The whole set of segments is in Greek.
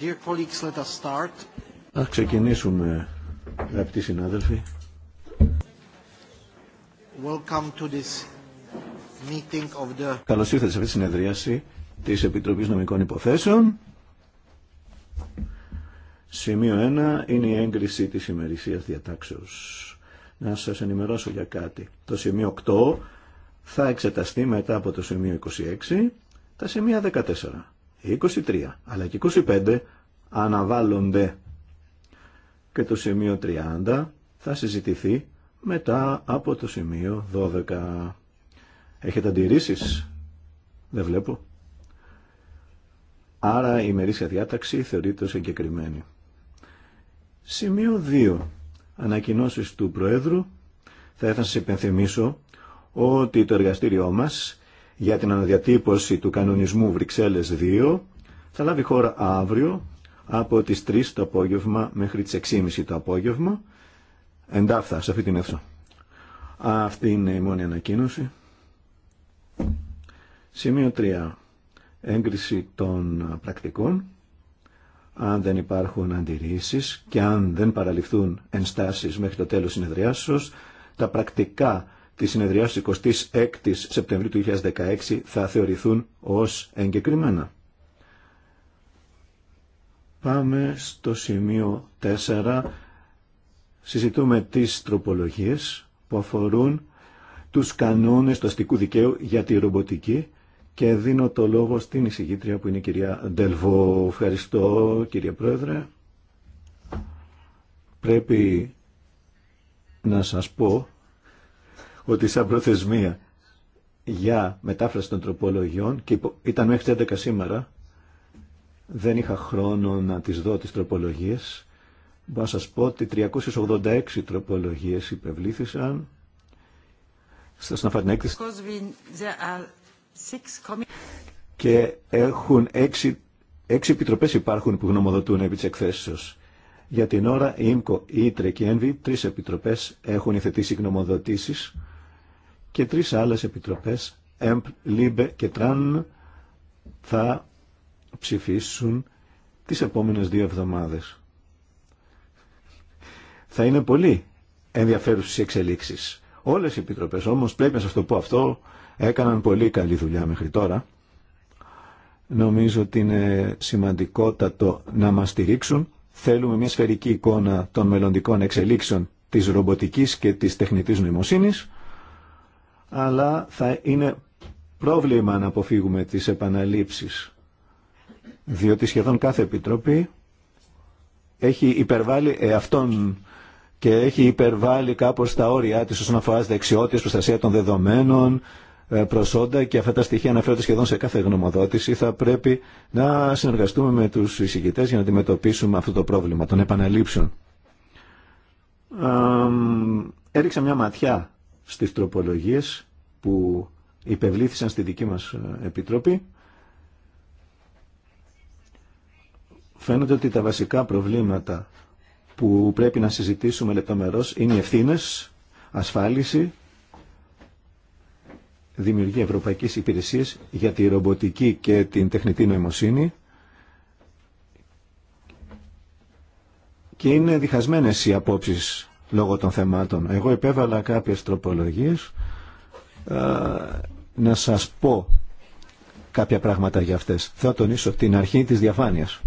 Dear ξεκινήσουμε, αγαπητοί συνάδελφοι. Welcome Καλώς ήρθατε σε αυτή τη συνεδρίαση της Επιτροπής Νομικών Υποθέσεων. Σημείο 1 είναι η έγκριση της ημερησίας διατάξεως. Να σας ενημερώσω για κάτι. Το σημείο 8 θα εξεταστεί μετά από το σημείο 26, τα σημεία 14. 23 αλλά και 25 αναβάλλονται και το σημείο 30 θα συζητηθεί μετά από το σημείο 12. Έχετε αντιρρήσεις? Δεν βλέπω. Άρα η ημερήσια διάταξη θεωρείται ως εγκεκριμένη. Σημείο 2. Ανακοινώσεις του Προέδρου. Θα ήθελα να σας υπενθυμίσω ότι το εργαστήριό μας για την αναδιατύπωση του κανονισμού Βρυξέλλες 2 θα λάβει χώρα αύριο από τις 3 το απόγευμα μέχρι τις 6.30 το απόγευμα εντάφθα σε αυτή την αίθουσα. Αυτή είναι η μόνη ανακοίνωση. Σημείο 3. Έγκριση των πρακτικών. Αν δεν υπάρχουν αντιρρήσεις και αν δεν παραληφθούν ενστάσεις μέχρι το τέλος συνεδριάσεως, τα πρακτικά τη συνεδριά τη 26 Σεπτεμβρίου του 2016 θα θεωρηθούν ως εγκεκριμένα. Πάμε στο σημείο 4. Συζητούμε τις τροπολογίες που αφορούν τους κανόνες του αστικού δικαίου για τη ρομποτική και δίνω το λόγο στην εισηγήτρια που είναι η κυρία Ντελβό. Ευχαριστώ κύριε Πρόεδρε. Πρέπει να σας πω ότι σαν προθεσμία για μετάφραση των τροπολογιών και ήταν μέχρι τις 11 σήμερα δεν είχα χρόνο να τις δω τις τροπολογίες μπορώ να σας πω ότι 386 τροπολογίες υπευλήθησαν στα και έχουν έξι, έξι επιτροπές υπάρχουν που γνωμοδοτούν επί της εκθέσεως. Για την ώρα η ΙΜΚΟ, ΙΤΡΕ και ΕΝΒΗ, τρεις επιτροπές έχουν υθετήσει γνωμοδοτήσεις και τρεις άλλες επιτροπές, ΕΜΠ, ΛΥΜΠΕ και ΤΡΑΝ, θα ψηφίσουν τις επόμενες δύο εβδομάδες. Θα είναι πολύ ενδιαφέρουσες οι εξελίξεις. Όλες οι επιτροπές όμως, πρέπει να σας το πω αυτό, έκαναν πολύ καλή δουλειά μέχρι τώρα. Νομίζω ότι είναι σημαντικότατο να μας στηρίξουν. Θέλουμε μια σφαιρική εικόνα των μελλοντικών εξελίξεων της ρομποτικής και της τεχνητής νοημοσύνης αλλά θα είναι πρόβλημα να αποφύγουμε τις επαναλήψεις, διότι σχεδόν κάθε επιτροπή έχει υπερβάλει εαυτόν και έχει υπερβάλει κάπως τα όρια της όσον αφορά δεξιότητες, προστασία των δεδομένων, ε, προσόντα και αυτά τα στοιχεία αναφέρονται σχεδόν σε κάθε γνωμοδότηση. Θα πρέπει να συνεργαστούμε με τους εισηγητές για να αντιμετωπίσουμε αυτό το πρόβλημα των επαναλήψεων. Έριξα μια ματιά στις τροπολογίες που υπευλήθησαν στη δική μας ε, Επιτροπή. Φαίνεται ότι τα βασικά προβλήματα που πρέπει να συζητήσουμε λεπτομερώς είναι οι ευθύνε, ασφάλιση, δημιουργία ευρωπαϊκής υπηρεσίας για τη ρομποτική και την τεχνητή νοημοσύνη και είναι διχασμένες οι απόψεις λόγω των θεμάτων. Εγώ επέβαλα κάποιες τροπολογίες να σας πω κάποια πράγματα για αυτές. Θα τονίσω την αρχή της διαφάνειας.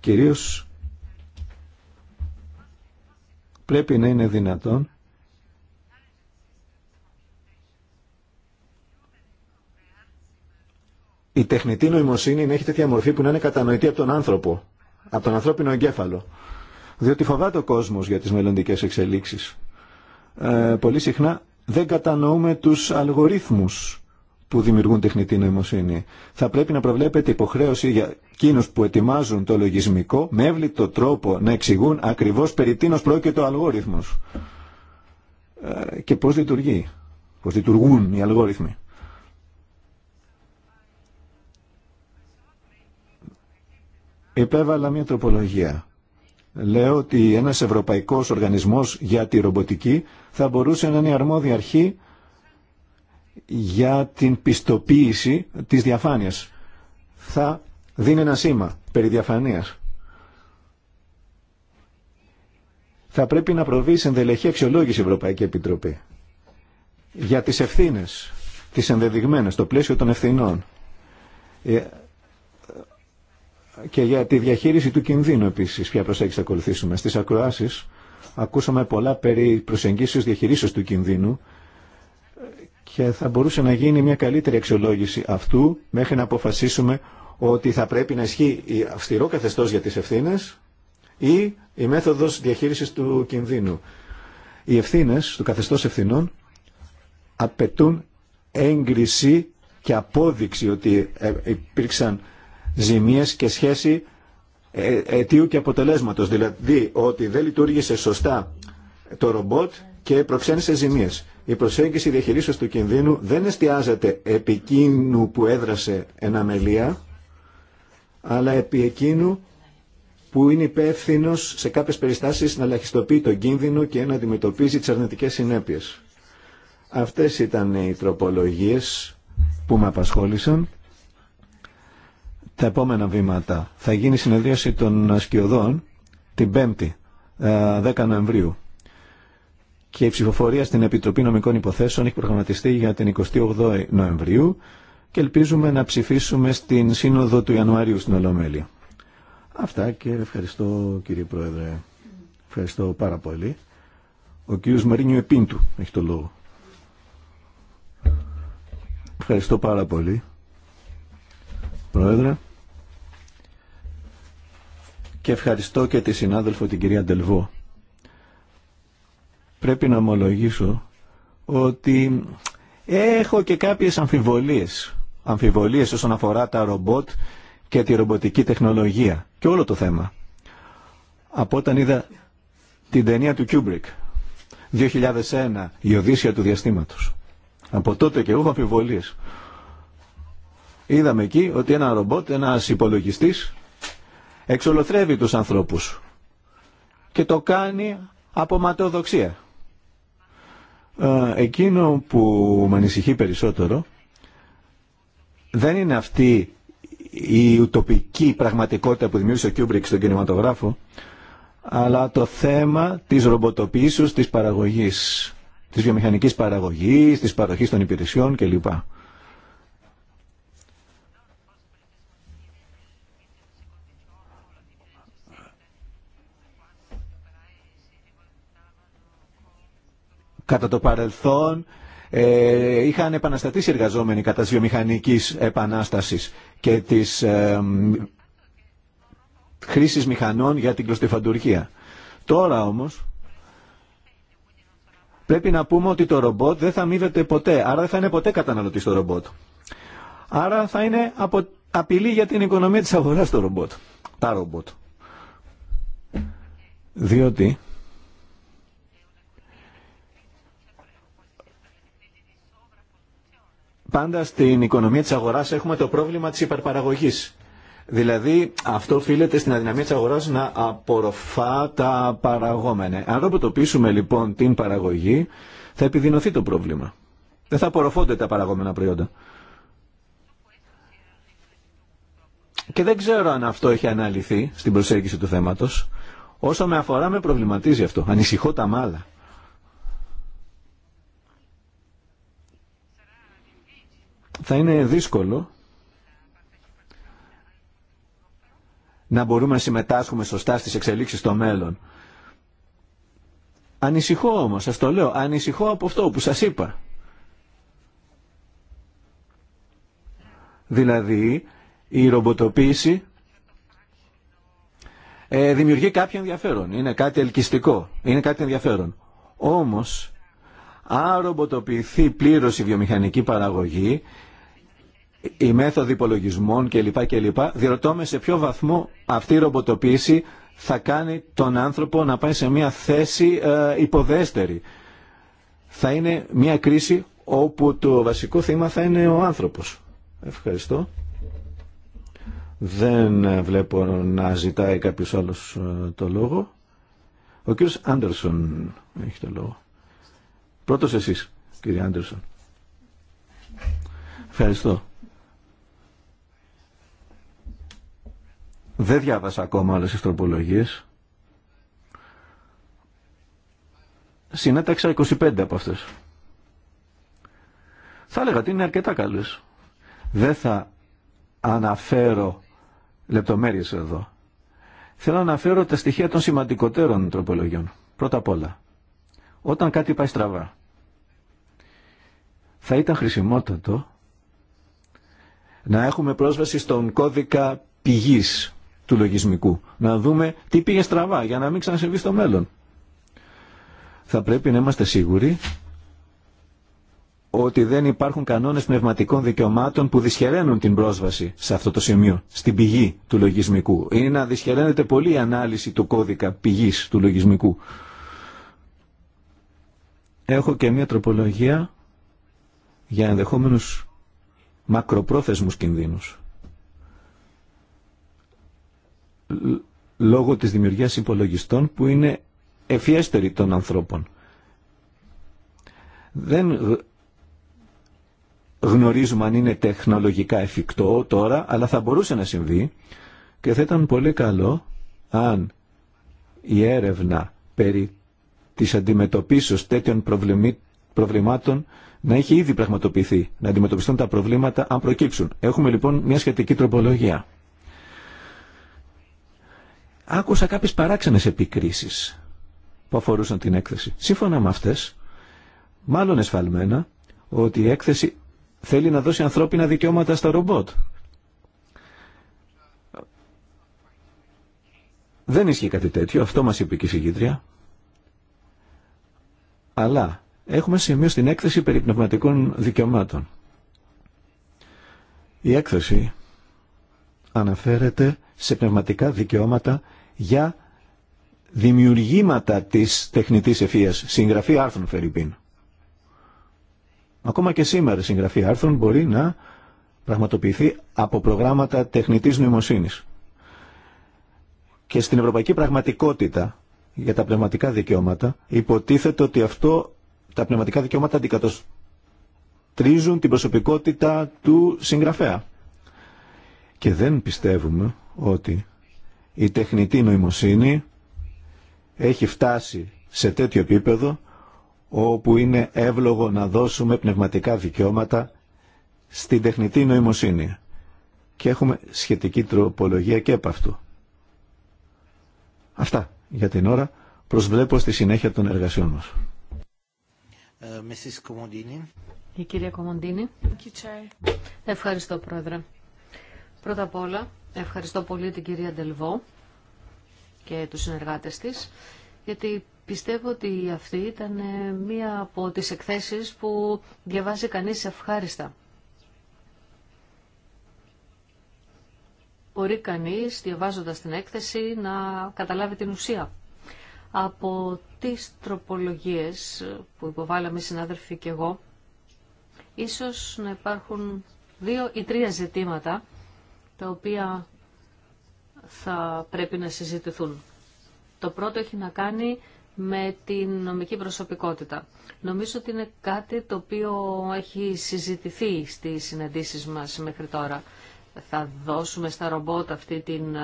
Κυρίως πρέπει να είναι δυνατόν η τεχνητή νοημοσύνη να έχει τέτοια μορφή που να είναι κατανοητή από τον άνθρωπο, από τον ανθρώπινο εγκέφαλο διότι φοβάται ο κόσμος για τις μελλοντικές εξελίξεις. Ε, πολύ συχνά δεν κατανοούμε τους αλγορίθμους που δημιουργούν τεχνητή νοημοσύνη. Θα πρέπει να προβλέπετε υποχρέωση για εκείνους που ετοιμάζουν το λογισμικό με εύλητο τρόπο να εξηγούν ακριβώς περί τίνος πρόκειται ο αλγόριθμος ε, και πώς λειτουργεί, πώς λειτουργούν οι αλγόριθμοι. Επέβαλα μια τροπολογία λέω ότι ένας ευρωπαϊκός οργανισμός για τη ρομποτική θα μπορούσε να είναι αρμόδια αρχή για την πιστοποίηση της διαφάνειας. Θα δίνει ένα σήμα περί διαφανείας. Θα πρέπει να προβεί σε ενδελεχή αξιολόγηση η Ευρωπαϊκή Επιτροπή για τις ευθύνες, τις ενδεδειγμένες, το πλαίσιο των ευθυνών ε, και για τη διαχείριση του κινδύνου επίσης, ποια προσέγγιση θα ακολουθήσουμε. Στις ακροάσεις ακούσαμε πολλά περί προσεγγίσεως διαχειρίσεως του κινδύνου και θα μπορούσε να γίνει μια καλύτερη αξιολόγηση αυτού μέχρι να αποφασίσουμε ότι θα πρέπει να ισχύει η αυστηρό καθεστώς για τις ευθύνε ή η μέθοδος διαχείρισης του κινδύνου. Οι ευθύνε του καθεστώς ευθυνών απαιτούν έγκριση και απόδειξη ότι ε, υπήρξαν ζημίες και σχέση ε, αιτίου και αποτελέσματος. Δηλαδή ότι δεν λειτουργήσε σωστά το ρομπότ και προξένησε ζημίες. Η προσέγγιση διαχειρίσεως του κινδύνου δεν εστιάζεται επί εκείνου που έδρασε ένα μελία αλλά επί εκείνου που είναι υπεύθυνο σε κάποιες περιστάσεις να λαχιστοποιεί τον κίνδυνο και να αντιμετωπίζει τις αρνητικές συνέπειες. Αυτές ήταν οι τροπολογίες που με απασχόλησαν τα επόμενα βήματα. Θα γίνει συνεδρίαση των σκιωδών την 5η, 10 ε, Νοεμβρίου. Και η ψηφοφορία στην Επιτροπή Νομικών Υποθέσεων έχει προγραμματιστεί για την 28 Νοεμβρίου και ελπίζουμε να ψηφίσουμε στην Σύνοδο του Ιανουαρίου στην Ολομέλεια. Αυτά και ευχαριστώ κύριε Πρόεδρε. Ευχαριστώ πάρα πολύ. Ο κύριος Μαρίνιο Επίντου έχει το λόγο. Ευχαριστώ πάρα πολύ. Πρόεδρε. Και ευχαριστώ και τη συνάδελφο την κυρία Ντελβό. Πρέπει να ομολογήσω ότι έχω και κάποιες αμφιβολίες. Αμφιβολίες όσον αφορά τα ρομπότ και τη ρομποτική τεχνολογία και όλο το θέμα. Από όταν είδα την ταινία του Κιούμπρικ 2001, η Οδύσσια του Διαστήματος. Από τότε και εγώ έχω αμφιβολίες Είδαμε εκεί ότι ένα ρομπότ, ένας υπολογιστής, εξολοθρεύει τους ανθρώπους και το κάνει από ματοδοξία. Ε, εκείνο που με ανησυχεί περισσότερο δεν είναι αυτή η ουτοπική πραγματικότητα που δημιούργησε ο Κιούμπρικ στον κινηματογράφο, αλλά το θέμα της ρομποτοποίησης της παραγωγής, της βιομηχανικής παραγωγής, της παροχής των υπηρεσιών κλπ. Κατά το παρελθόν ε, είχαν επαναστατήσει εργαζόμενοι κατά της βιομηχανικής επανάστασης και της ε, χρήσης μηχανών για την κλωστεφαντουργία. Τώρα όμως πρέπει να πούμε ότι το ρομπότ δεν θα αμείβεται ποτέ, άρα δεν θα είναι ποτέ καταναλωτή το ρομπότ. Άρα θα είναι απο... απειλή για την οικονομία της αγοράς το ρομπότ, τα ρομπότ. Διότι Πάντα στην οικονομία της αγοράς έχουμε το πρόβλημα της υπερπαραγωγής. Δηλαδή αυτό οφείλεται στην αδυναμία της αγοράς να απορροφά τα παραγόμενα. Αν ροποτοποιήσουμε λοιπόν την παραγωγή θα επιδεινωθεί το πρόβλημα. Δεν θα απορροφώνται τα παραγόμενα προϊόντα. Και δεν ξέρω αν αυτό έχει αναλυθεί στην προσέγγιση του θέματος. Όσο με αφορά με προβληματίζει αυτό. Ανησυχώ τα μάλα. θα είναι δύσκολο να μπορούμε να συμμετάσχουμε σωστά στις εξελίξεις στο μέλλον. Ανησυχώ όμως, σας το λέω, ανησυχώ από αυτό που σας είπα. Δηλαδή, η ρομποτοποίηση ε, δημιουργεί κάποιο ενδιαφέρον, είναι κάτι ελκυστικό, είναι κάτι ενδιαφέρον. Όμως, αν ρομποτοποιηθεί πλήρω η βιομηχανική παραγωγή, η μέθοδη υπολογισμών κλπ. κλπ. Διερωτώ με σε ποιο βαθμό αυτή η ρομποτοποίηση θα κάνει τον άνθρωπο να πάει σε μια θέση ε, υποδέστερη. Θα είναι μια κρίση όπου το βασικό θύμα θα είναι ο άνθρωπος. Ευχαριστώ. Δεν ε, βλέπω να ζητάει κάποιος άλλος ε, το λόγο. Ο κύριος Άντερσον έχει το λόγο. Πρώτος εσείς, κύριε Άντερσον. Ευχαριστώ. Δεν διάβασα ακόμα όλες τις τροπολογίες. Συνέταξα 25 από αυτές. Θα έλεγα ότι είναι αρκετά καλές. Δεν θα αναφέρω λεπτομέρειες εδώ. Θέλω να αναφέρω τα στοιχεία των σημαντικότερων τροπολογιών. Πρώτα απ' όλα όταν κάτι πάει στραβά. Θα ήταν χρησιμότατο να έχουμε πρόσβαση στον κώδικα πηγής του λογισμικού. Να δούμε τι πήγε στραβά για να μην ξανασυμβεί στο μέλλον. Θα πρέπει να είμαστε σίγουροι ότι δεν υπάρχουν κανόνες πνευματικών δικαιωμάτων που δυσχεραίνουν την πρόσβαση σε αυτό το σημείο, στην πηγή του λογισμικού. Είναι να δυσχεραίνεται πολύ η ανάλυση του κώδικα πηγής του λογισμικού. Έχω και μία τροπολογία για ενδεχόμενους μακροπρόθεσμους κινδύνους. Λόγω της δημιουργίας υπολογιστών που είναι ευφιέστεροι των ανθρώπων. Δεν γνωρίζουμε αν είναι τεχνολογικά εφικτό τώρα, αλλά θα μπορούσε να συμβεί και θα ήταν πολύ καλό αν η έρευνα περί της αντιμετωπίσεως τέτοιων προβλημάτων να έχει ήδη πραγματοποιηθεί, να αντιμετωπιστούν τα προβλήματα αν προκύψουν. Έχουμε λοιπόν μια σχετική τροπολογία. Άκουσα κάποιες παράξενες επικρίσεις που αφορούσαν την έκθεση. Σύμφωνα με αυτές, μάλλον εσφαλμένα, ότι η έκθεση θέλει να δώσει ανθρώπινα δικαιώματα στα ρομπότ. Δεν ισχύει κάτι τέτοιο, αυτό μας είπε και η συγκίτρια. Αλλά έχουμε σημείο στην έκθεση περί πνευματικών δικαιωμάτων. Η έκθεση αναφέρεται σε πνευματικά δικαιώματα για δημιουργήματα της τεχνητής εφίας συγγραφή άρθρων Φερρυπίν. Ακόμα και σήμερα η συγγραφή άρθρων μπορεί να πραγματοποιηθεί από προγράμματα τεχνητής νοημοσύνης. Και στην ευρωπαϊκή πραγματικότητα για τα πνευματικά δικαιώματα, υποτίθεται ότι αυτό τα πνευματικά δικαιώματα αντικατοστρίζουν την προσωπικότητα του συγγραφέα. Και δεν πιστεύουμε ότι η τεχνητή νοημοσύνη έχει φτάσει σε τέτοιο επίπεδο όπου είναι εύλογο να δώσουμε πνευματικά δικαιώματα στην τεχνητή νοημοσύνη. Και έχουμε σχετική τροπολογία και από αυτού. Αυτά για την ώρα. Προσβλέπω στη συνέχεια των εργασιών μας. Ε, κυρία Κομοντίνη. Ευχαριστώ, Πρόεδρε. Πρώτα απ' όλα, ευχαριστώ πολύ την κυρία Ντελβό και τους συνεργάτες της, γιατί πιστεύω ότι αυτή ήταν ε, μία από τις εκθέσεις που διαβάζει κανείς ευχάριστα. μπορεί κανείς, διαβάζοντας την έκθεση, να καταλάβει την ουσία. Από τις τροπολογίες που υποβάλαμε οι συνάδελφοι και εγώ, ίσως να υπάρχουν δύο ή τρία ζητήματα τα οποία θα πρέπει να συζητηθούν. Το πρώτο έχει να κάνει με την νομική προσωπικότητα. Νομίζω ότι είναι κάτι το οποίο έχει συζητηθεί στις συναντήσεις μας μέχρι τώρα θα δώσουμε στα ρομπότ αυτή την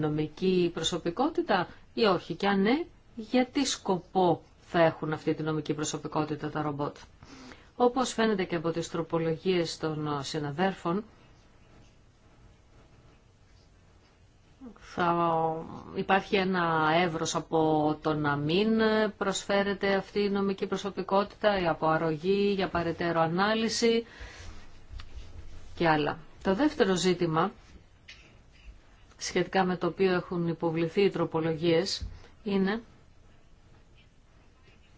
νομική προσωπικότητα ή όχι. Και αν ναι, για τι σκοπό θα έχουν αυτή την νομική προσωπικότητα τα ρομπότ. Όπως φαίνεται και από τις τροπολογίες των συναδέρφων, θα υπάρχει ένα εύρος από το να μην προσφέρεται αυτή η νομική προσωπικότητα, ή από αρρωγή, για παρετέρω ανάλυση και άλλα. Το δεύτερο ζήτημα, σχετικά με το οποίο έχουν υποβληθεί οι τροπολογίες, είναι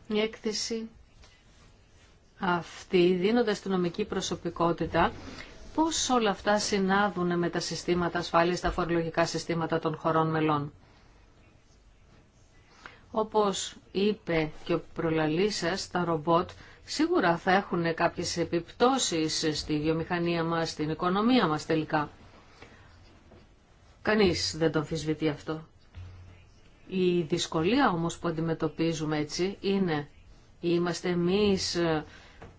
η έκθεση αυτή, δίνοντας την νομική προσωπικότητα, πώς όλα αυτά συνάδουν με τα συστήματα ασφάλειας, τα φορολογικά συστήματα των χωρών μελών. Όπως είπε και ο προλαλής σας, τα ρομπότ σίγουρα θα έχουν κάποιες επιπτώσεις στη βιομηχανία μας, στην οικονομία μας τελικά. Κανείς δεν τον αμφισβητεί αυτό. Η δυσκολία όμως που αντιμετωπίζουμε έτσι είναι είμαστε εμείς ε,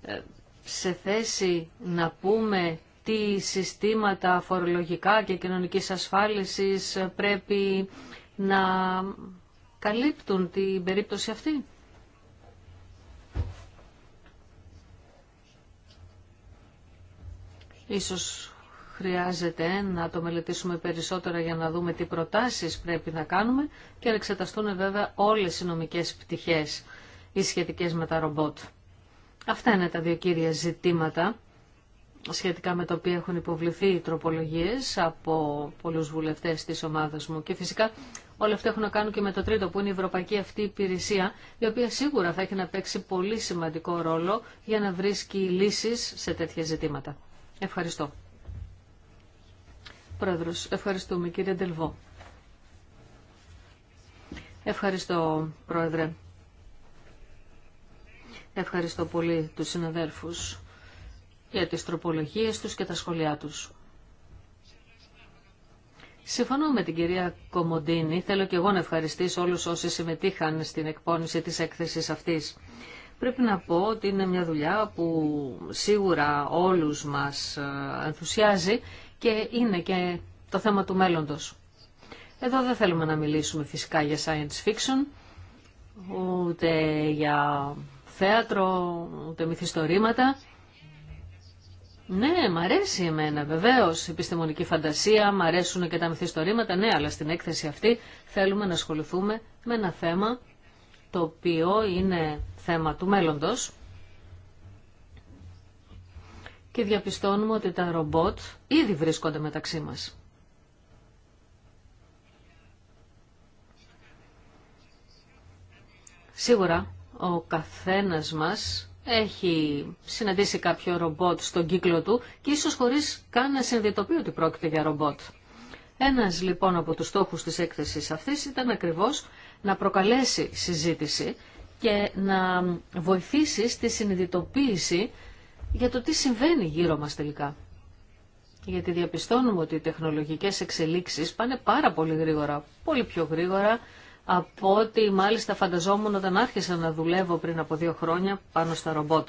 ε, σε θέση να πούμε τι συστήματα φορολογικά και κοινωνικής ασφάλισης πρέπει να καλύπτουν την περίπτωση αυτή. Ίσως χρειάζεται να το μελετήσουμε περισσότερα για να δούμε τι προτάσεις πρέπει να κάνουμε και να εξεταστούν βέβαια όλες οι νομικές πτυχές οι σχετικές με τα ρομπότ. Αυτά είναι τα δύο κύρια ζητήματα σχετικά με τα οποία έχουν υποβληθεί οι τροπολογίες από πολλούς βουλευτές της ομάδας μου και φυσικά όλα αυτά έχουν να κάνουν και με το τρίτο που είναι η Ευρωπαϊκή αυτή υπηρεσία η οποία σίγουρα θα έχει να παίξει πολύ σημαντικό ρόλο για να βρίσκει λύσεις σε τέτοια ζητήματα. Ευχαριστώ. Πρόεδρος, ευχαριστούμε κύριε Ντελβό. Ευχαριστώ πρόεδρε. Ευχαριστώ πολύ τους συναδέλφους για τις τροπολογίες τους και τα σχολιά τους. Συμφωνώ με την κυρία Κομοντίνη. Θέλω και εγώ να ευχαριστήσω όλους όσοι συμμετείχαν στην εκπόνηση της έκθεσης αυτής. Πρέπει να πω ότι είναι μια δουλειά που σίγουρα όλους μας ε, ενθουσιάζει και είναι και το θέμα του μέλλοντος. Εδώ δεν θέλουμε να μιλήσουμε φυσικά για science fiction, ούτε για θέατρο, ούτε μυθιστορήματα. Ναι, μ' αρέσει εμένα βεβαίως η επιστημονική φαντασία, μ' αρέσουν και τα μυθιστορήματα, ναι, αλλά στην έκθεση αυτή θέλουμε να ασχοληθούμε με ένα θέμα το οποίο είναι θέμα του μέλλοντος και διαπιστώνουμε ότι τα ρομπότ ήδη βρίσκονται μεταξύ μας. Σίγουρα ο καθένας μας έχει συναντήσει κάποιο ρομπότ στον κύκλο του και ίσως χωρίς καν να συνειδητοποιεί ότι πρόκειται για ρομπότ. Ένας λοιπόν από τους στόχους της έκθεσης αυτής ήταν ακριβώς να προκαλέσει συζήτηση και να βοηθήσει στη συνειδητοποίηση για το τι συμβαίνει γύρω μας τελικά. Γιατί διαπιστώνουμε ότι οι τεχνολογικές εξελίξεις πάνε πάρα πολύ γρήγορα, πολύ πιο γρήγορα από ό,τι μάλιστα φανταζόμουν όταν άρχισα να δουλεύω πριν από δύο χρόνια πάνω στα ρομπότ.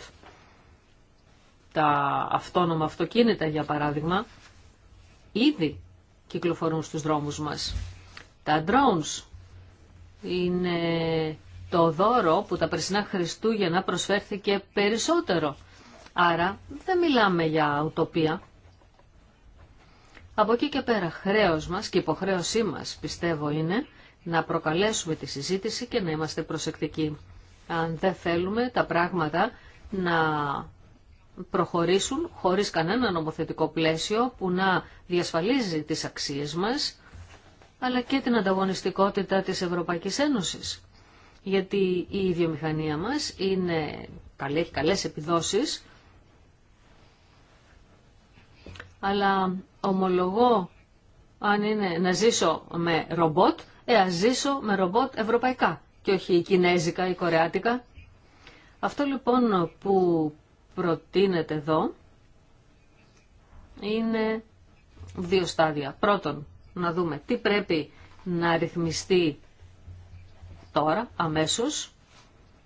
Τα αυτόνομα αυτοκίνητα, για παράδειγμα, ήδη κυκλοφορούν στους δρόμους μας. Τα drones είναι το δώρο που τα περσινά Χριστούγεννα προσφέρθηκε περισσότερο. Άρα δεν μιλάμε για ουτοπία. Από εκεί και πέρα χρέος μας και υποχρέωσή μας πιστεύω είναι να προκαλέσουμε τη συζήτηση και να είμαστε προσεκτικοί. Αν δεν θέλουμε τα πράγματα να προχωρήσουν χωρίς κανένα νομοθετικό πλαίσιο που να διασφαλίζει τις αξίες μας αλλά και την ανταγωνιστικότητα της Ευρωπαϊκής Ένωσης. Γιατί η βιομηχανία μας είναι, καλή, έχει καλές επιδόσεις, αλλά ομολογώ αν είναι να ζήσω με ρομπότ, ε, ζήσω με ρομπότ ευρωπαϊκά και όχι η κινέζικα ή κορεάτικα. Αυτό λοιπόν που προτείνεται εδώ είναι δύο στάδια. Πρώτον, να δούμε τι πρέπει να ρυθμιστεί τώρα, αμέσως,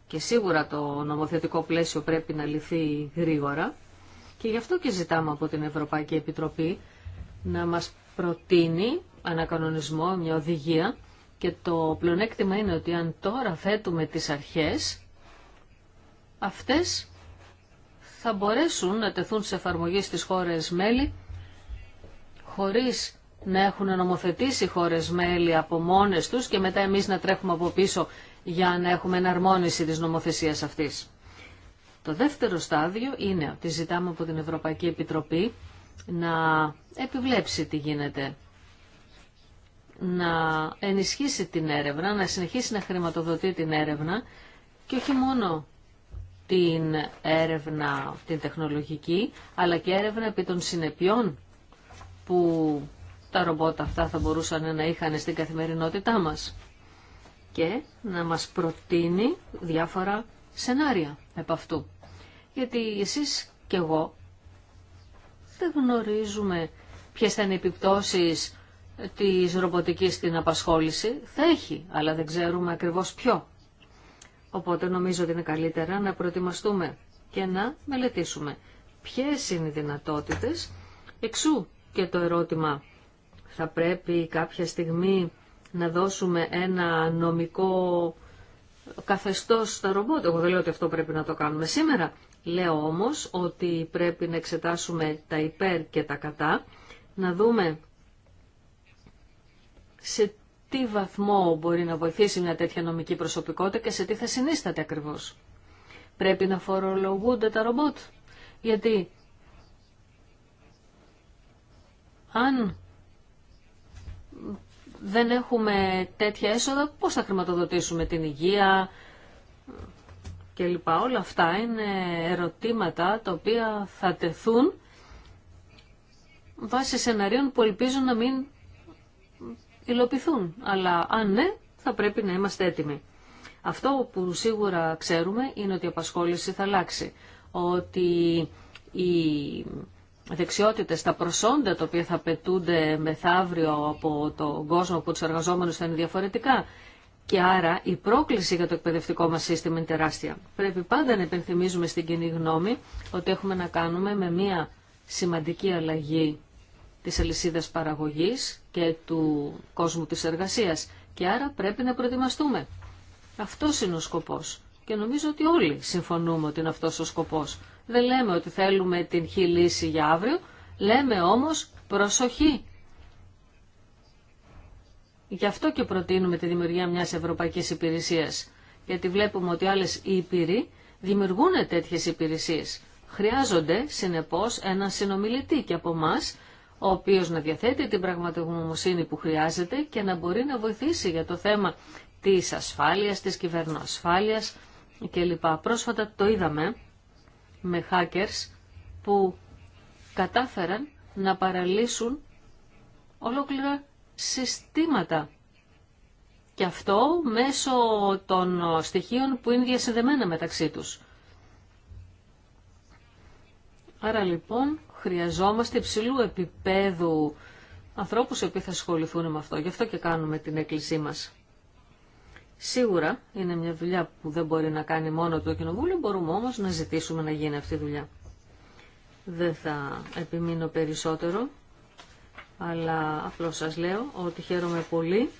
και σίγουρα το νομοθετικό πλαίσιο πρέπει να λυθεί γρήγορα και γι' αυτό και ζητάμε από την Ευρωπαϊκή Επιτροπή να μας προτείνει ανακανονισμό, μια οδηγία και το πλεονέκτημα είναι ότι αν τώρα θέτουμε τις αρχές, αυτές θα μπορέσουν να τεθούν σε εφαρμογή στις χώρες μέλη χωρίς να έχουν νομοθετήσει χώρες μέλη από μόνες τους και μετά εμείς να τρέχουμε από πίσω για να έχουμε εναρμόνιση της νομοθεσίας αυτής. Το δεύτερο στάδιο είναι ότι ζητάμε από την Ευρωπαϊκή Επιτροπή να επιβλέψει τι γίνεται, να ενισχύσει την έρευνα, να συνεχίσει να χρηματοδοτεί την έρευνα και όχι μόνο την έρευνα την τεχνολογική, αλλά και έρευνα επί των συνεπειών που τα ρομπότα αυτά θα μπορούσαν να είχαν στην καθημερινότητά μας και να μας προτείνει διάφορα σενάρια επ' αυτού. Γιατί εσείς και εγώ δεν γνωρίζουμε ποιες θα είναι οι επιπτώσεις της ρομποτικής στην απασχόληση. Θα έχει, αλλά δεν ξέρουμε ακριβώς ποιο. Οπότε νομίζω ότι είναι καλύτερα να προετοιμαστούμε και να μελετήσουμε ποιες είναι οι δυνατότητες. Εξού και το ερώτημα θα πρέπει κάποια στιγμή να δώσουμε ένα νομικό καθεστώς στα ρομπότ. Εγώ δεν λέω ότι αυτό πρέπει να το κάνουμε σήμερα. Λέω όμως ότι πρέπει να εξετάσουμε τα υπέρ και τα κατά, να δούμε σε τι βαθμό μπορεί να βοηθήσει μια τέτοια νομική προσωπικότητα και σε τι θα συνίσταται ακριβώς. Πρέπει να φορολογούνται τα ρομπότ. Γιατί αν δεν έχουμε τέτοια έσοδα, πώς θα χρηματοδοτήσουμε την υγεία κλπ. Όλα αυτά είναι ερωτήματα τα οποία θα τεθούν βάσει σεναρίων που ελπίζουν να μην υλοποιηθούν. Αλλά αν ναι, θα πρέπει να είμαστε έτοιμοι. Αυτό που σίγουρα ξέρουμε είναι ότι η απασχόληση θα αλλάξει. Ότι η δεξιότητες, τα προσόντα τα οποία θα πετούνται μεθαύριο από τον κόσμο, από τους εργαζόμενους θα είναι διαφορετικά. Και άρα η πρόκληση για το εκπαιδευτικό μας σύστημα είναι τεράστια. Πρέπει πάντα να υπενθυμίζουμε στην κοινή γνώμη ότι έχουμε να κάνουμε με μια σημαντική αλλαγή της αλυσίδα παραγωγής και του κόσμου της εργασίας. Και άρα πρέπει να προετοιμαστούμε. Αυτό είναι ο σκοπός. Και νομίζω ότι όλοι συμφωνούμε ότι είναι αυτός ο σκοπός. Δεν λέμε ότι θέλουμε την χη λύση για αύριο, λέμε όμως προσοχή. Γι' αυτό και προτείνουμε τη δημιουργία μιας ευρωπαϊκής υπηρεσίας. Γιατί βλέπουμε ότι άλλες ήπειροι δημιουργούν τέτοιες υπηρεσίες. Χρειάζονται, συνεπώς, ένα συνομιλητή και από εμά, ο οποίος να διαθέτει την πραγματογνωμοσύνη που χρειάζεται και να μπορεί να βοηθήσει για το θέμα της ασφάλειας, της κυβερνοασφάλειας, κλπ. Πρόσφατα το είδαμε με hackers που κατάφεραν να παραλύσουν ολόκληρα συστήματα. Και αυτό μέσω των στοιχείων που είναι διασυνδεμένα μεταξύ τους. Άρα λοιπόν χρειαζόμαστε υψηλού επίπεδου ανθρώπους οι οποίοι θα ασχοληθούν με αυτό. Γι' αυτό και κάνουμε την έκκλησή μας. Σίγουρα είναι μια δουλειά που δεν μπορεί να κάνει μόνο το Κοινοβούλιο, μπορούμε όμως να ζητήσουμε να γίνει αυτή η δουλειά. Δεν θα επιμείνω περισσότερο, αλλά απλώς σας λέω ότι χαίρομαι πολύ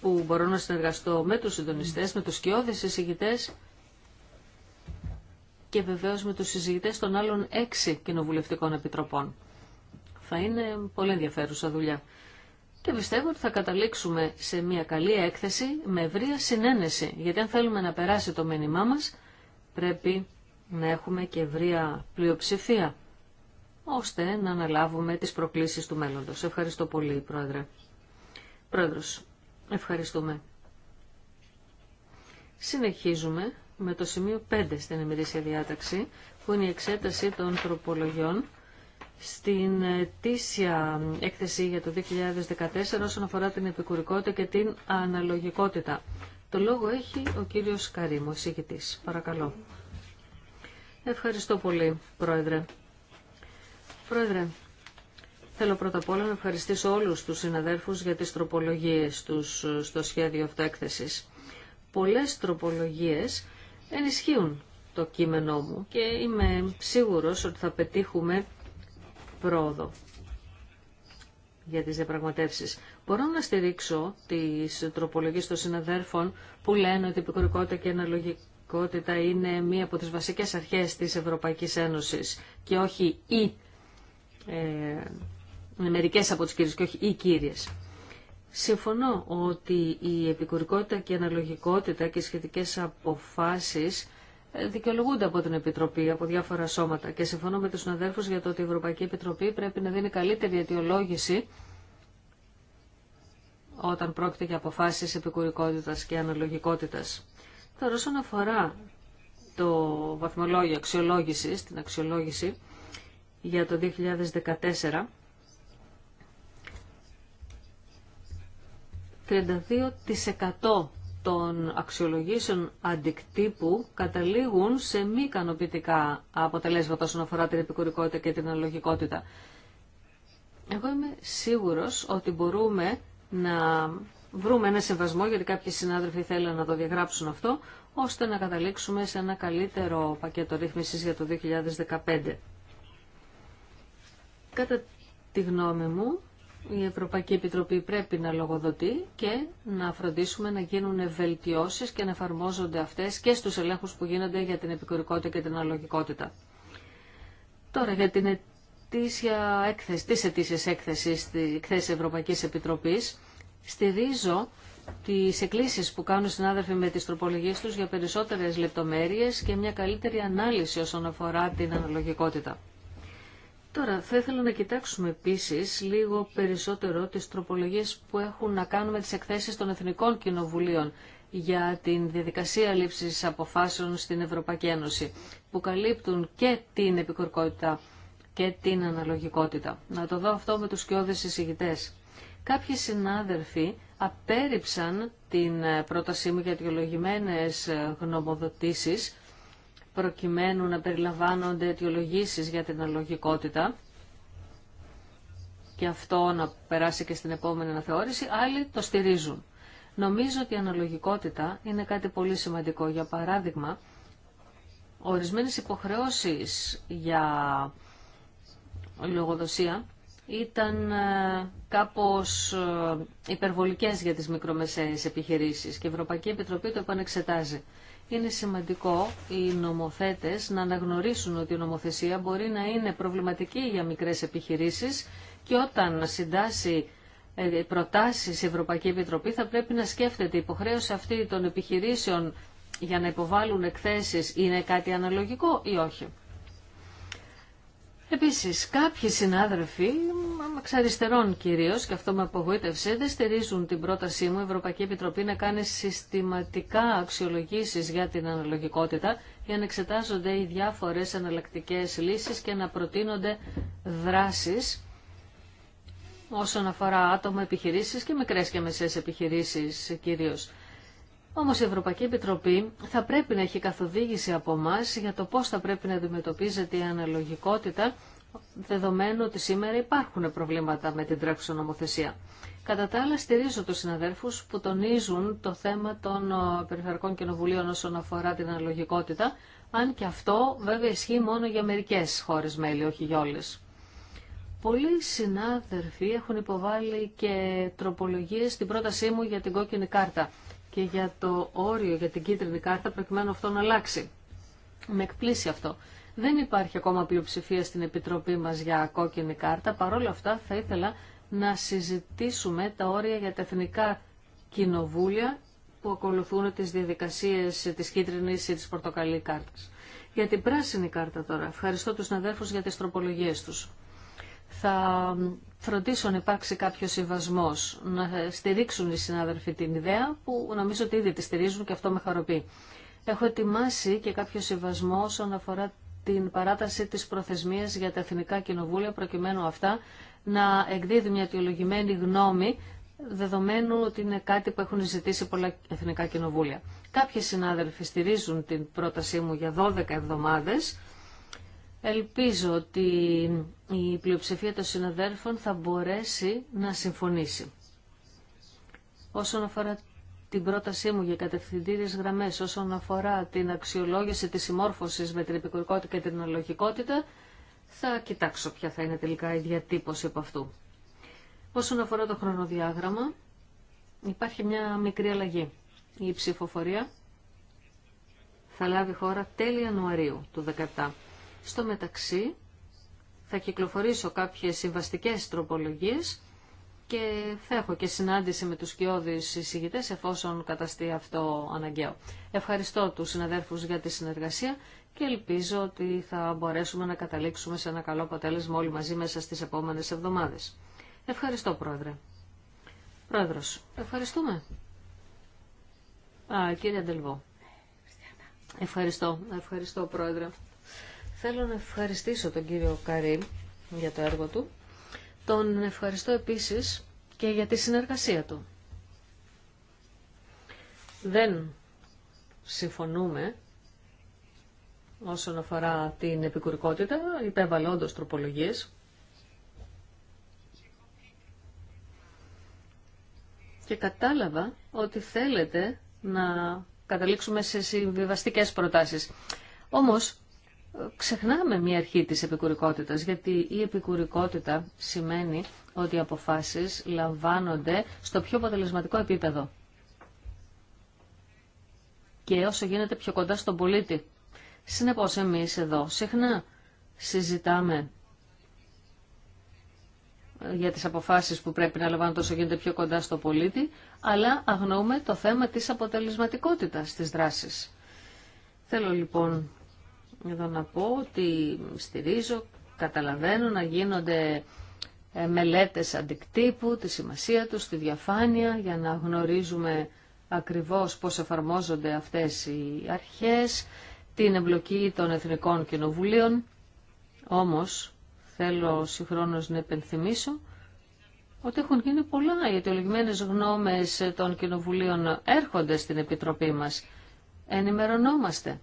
που μπορώ να συνεργαστώ με τους συντονιστές, με τους σκιώδες συζητητές και βεβαίως με τους συζητητές των άλλων έξι κοινοβουλευτικών επιτροπών. Θα είναι πολύ ενδιαφέρουσα δουλειά και πιστεύω ότι θα καταλήξουμε σε μια καλή έκθεση με ευρεία συνένεση, γιατί αν θέλουμε να περάσει το μήνυμά μας πρέπει να έχουμε και ευρεία πλειοψηφία, ώστε να αναλάβουμε τις προκλήσεις του μέλλοντος. Ευχαριστώ πολύ, Πρόεδρε. Πρόεδρος, ευχαριστούμε. Συνεχίζουμε με το σημείο 5 στην ημερήσια διάταξη, που είναι η εξέταση των τροπολογιών στην τήσια έκθεση για το 2014 όσον αφορά την επικουρικότητα και την αναλογικότητα. Το λόγο έχει ο κύριος Καρύμου, εισηγητής. Παρακαλώ. Ευχαριστώ πολύ, Πρόεδρε. Πρόεδρε, θέλω πρώτα απ' όλα να ευχαριστήσω όλους τους συναδέρφους για τις τροπολογίες τους στο σχέδιο αυτή. έκθεσης. Πολλές τροπολογίες ενισχύουν το κείμενό μου και είμαι σίγουρος ότι θα πετύχουμε πρόοδο για τις διαπραγματεύσεις. Μπορώ να στηρίξω τις τροπολογίες των συναδέρφων που λένε ότι η επικουρικότητα και η αναλογικότητα είναι μία από τις βασικές αρχές της Ευρωπαϊκής Ένωσης και όχι οι ε, μερικές από τις κύριες και όχι οι κύριες. Συμφωνώ ότι η επικουρικότητα και η αναλογικότητα και οι σχετικές αποφάσεις δικαιολογούνται από την Επιτροπή, από διάφορα σώματα. Και συμφωνώ με τους συναδέλφους για το ότι η Ευρωπαϊκή Επιτροπή πρέπει να δίνει καλύτερη αιτιολόγηση όταν πρόκειται για αποφάσεις επικουρικότητας και αναλογικότητας. Τώρα, όσον αφορά το βαθμολόγιο αξιολόγησης, την αξιολόγηση για το 2014, 32% των αξιολογήσεων αντικτύπου καταλήγουν σε μη ικανοποιητικά αποτελέσματα όσον αφορά την επικουρικότητα και την αναλογικότητα. Εγώ είμαι σίγουρος ότι μπορούμε να βρούμε ένα συμβασμό, γιατί κάποιοι συνάδελφοι θέλουν να το διαγράψουν αυτό, ώστε να καταλήξουμε σε ένα καλύτερο πακέτο ρύθμισης για το 2015. Κατά τη γνώμη μου, η Ευρωπαϊκή Επιτροπή πρέπει να λογοδοτεί και να φροντίσουμε να γίνουν βελτιώσεις και να εφαρμόζονται αυτές και στους ελέγχους που γίνονται για την επικουρικότητα και την αναλογικότητα. Τώρα για την ετήσια έκθεση, τις ετήσιες έκθεσεις της Ευρωπαϊκής Επιτροπής στηρίζω τις εκκλήσεις που κάνουν συνάδελφοι με τις τροπολογίες τους για περισσότερες λεπτομέρειες και μια καλύτερη ανάλυση όσον αφορά την αναλογικότητα. Τώρα, θα ήθελα να κοιτάξουμε επίση λίγο περισσότερο τι τροπολογίες που έχουν να κάνουν με τις εκθέσει των Εθνικών Κοινοβουλίων για την διαδικασία λήψης αποφάσεων στην Ευρωπαϊκή Ένωση, που καλύπτουν και την επικορκότητα και την αναλογικότητα. Να το δω αυτό με τους σκιώδες εισηγητέ. Κάποιοι συνάδελφοι απέρριψαν την πρότασή μου για αιτιολογημένε γνωμοδοτήσει προκειμένου να περιλαμβάνονται αιτιολογήσει για την αναλογικότητα και αυτό να περάσει και στην επόμενη αναθεώρηση, άλλοι το στηρίζουν. Νομίζω ότι η αναλογικότητα είναι κάτι πολύ σημαντικό. Για παράδειγμα, ορισμένες υποχρεώσεις για λογοδοσία ήταν ε, κάπως ε, υπερβολικές για τις μικρομεσαίες επιχειρήσεις και η Ευρωπαϊκή Επιτροπή το επανεξετάζει είναι σημαντικό οι νομοθέτες να αναγνωρίσουν ότι η νομοθεσία μπορεί να είναι προβληματική για μικρές επιχειρήσεις και όταν συντάσσει ε, προτάσεις η Ευρωπαϊκή Επιτροπή θα πρέπει να σκέφτεται η υποχρέωση αυτή των επιχειρήσεων για να υποβάλουν εκθέσεις είναι κάτι αναλογικό ή όχι. Επίσης, κάποιοι συνάδελφοι, εξ αριστερών κυρίως, και αυτό με απογοήτευσε, δεν στηρίζουν την πρότασή μου η Ευρωπαϊκή Επιτροπή να κάνει συστηματικά αξιολογήσεις για την αναλογικότητα για να εξετάζονται οι διάφορες εναλλακτικέ λύσεις και να προτείνονται δράσεις όσον αφορά άτομα, επιχειρήσεις και μικρές και μεσές επιχειρήσεις κυρίως. Όμω, η Ευρωπαϊκή Επιτροπή θα πρέπει να έχει καθοδήγηση από εμά για το πώ θα πρέπει να αντιμετωπίζεται η αναλογικότητα, δεδομένου ότι σήμερα υπάρχουν προβλήματα με την τρέχουσα νομοθεσία. Κατά τα άλλα, στηρίζω του συναδέρφου που τονίζουν το θέμα των ε, περιφερειακών κοινοβουλίων όσον αφορά την αναλογικότητα, αν και αυτό βέβαια ισχύει μόνο για μερικέ χώρε μέλη, όχι για όλε. Πολλοί συνάδελφοι έχουν υποβάλει και τροπολογίε στην πρότασή μου για την κόκκινη κάρτα και για το όριο για την κίτρινη κάρτα προκειμένου αυτό να αλλάξει. Με εκπλήσει αυτό. Δεν υπάρχει ακόμα πλειοψηφία στην Επιτροπή μας για κόκκινη κάρτα. Παρ' όλα αυτά θα ήθελα να συζητήσουμε τα όρια για τα εθνικά κοινοβούλια που ακολουθούν τις διαδικασίες της κίτρινης ή της πορτοκαλή κάρτας. Για την πράσινη κάρτα τώρα. Ευχαριστώ τους συναδέλφους για τις τροπολογίες τους. Θα φροντίσουν να υπάρξει κάποιο συμβασμό, να στηρίξουν οι συνάδελφοι την ιδέα που νομίζω ότι ήδη τη στηρίζουν και αυτό με χαροποιεί. Έχω ετοιμάσει και κάποιο συμβασμό όσον αφορά την παράταση της προθεσμίας για τα εθνικά κοινοβούλια προκειμένου αυτά να εκδίδει μια αιτιολογημένη γνώμη δεδομένου ότι είναι κάτι που έχουν ζητήσει πολλά εθνικά κοινοβούλια. Κάποιοι συνάδελφοι στηρίζουν την πρότασή μου για 12 εβδομάδες Ελπίζω ότι η πλειοψηφία των συναδέρφων θα μπορέσει να συμφωνήσει. Όσον αφορά την πρότασή μου για κατευθυντήριες γραμμές, όσον αφορά την αξιολόγηση της συμμόρφωσης με την επικουρικότητα και την αλογικότητα, θα κοιτάξω ποια θα είναι τελικά η διατύπωση από αυτού. Όσον αφορά το χρονοδιάγραμμα, υπάρχει μια μικρή αλλαγή. Η ψηφοφορία θα λάβει χώρα τέλη Ιανουαρίου του 2017. Στο μεταξύ θα κυκλοφορήσω κάποιες συμβαστικές τροπολογίες και θα έχω και συνάντηση με τους κοιόδης εισηγητές εφόσον καταστεί αυτό αναγκαίο. Ευχαριστώ τους συναδέρφους για τη συνεργασία και ελπίζω ότι θα μπορέσουμε να καταλήξουμε σε ένα καλό αποτέλεσμα όλοι μαζί μέσα στις επόμενες εβδομάδες. Ευχαριστώ Πρόεδρε. Πρόεδρος, ευχαριστούμε. Α, κύριε Αντελβό. Ευχαριστώ, ευχαριστώ Πρόεδρε. Θέλω να ευχαριστήσω τον κύριο Καρύμ για το έργο του. Τον ευχαριστώ επίσης και για τη συνεργασία του. Δεν συμφωνούμε όσον αφορά την επικουρικότητα, υπέβαλε όντως τροπολογίες. Και κατάλαβα ότι θέλετε να καταλήξουμε σε συμβιβαστικές προτάσεις. Όμως, ξεχνάμε μια αρχή της επικουρικότητας, γιατί η επικουρικότητα σημαίνει ότι οι αποφάσεις λαμβάνονται στο πιο αποτελεσματικό επίπεδο και όσο γίνεται πιο κοντά στον πολίτη. Συνεπώς εμείς εδώ συχνά συζητάμε ε, για τις αποφάσεις που πρέπει να λαμβάνονται όσο γίνεται πιο κοντά στο πολίτη, αλλά αγνοούμε το θέμα της αποτελεσματικότητας της δράσης. Θέλω λοιπόν εδώ να πω ότι στηρίζω, καταλαβαίνω να γίνονται ε, μελέτες αντικτύπου, τη σημασία τους, τη διαφάνεια, για να γνωρίζουμε ακριβώς πώς εφαρμόζονται αυτές οι αρχές, την εμπλοκή των Εθνικών Κοινοβουλίων. Όμως, θέλω συγχρόνως να επενθυμίσω ότι έχουν γίνει πολλά, γιατί ολιγμένες γνώμες των Κοινοβουλίων έρχονται στην Επιτροπή μας. Ενημερωνόμαστε.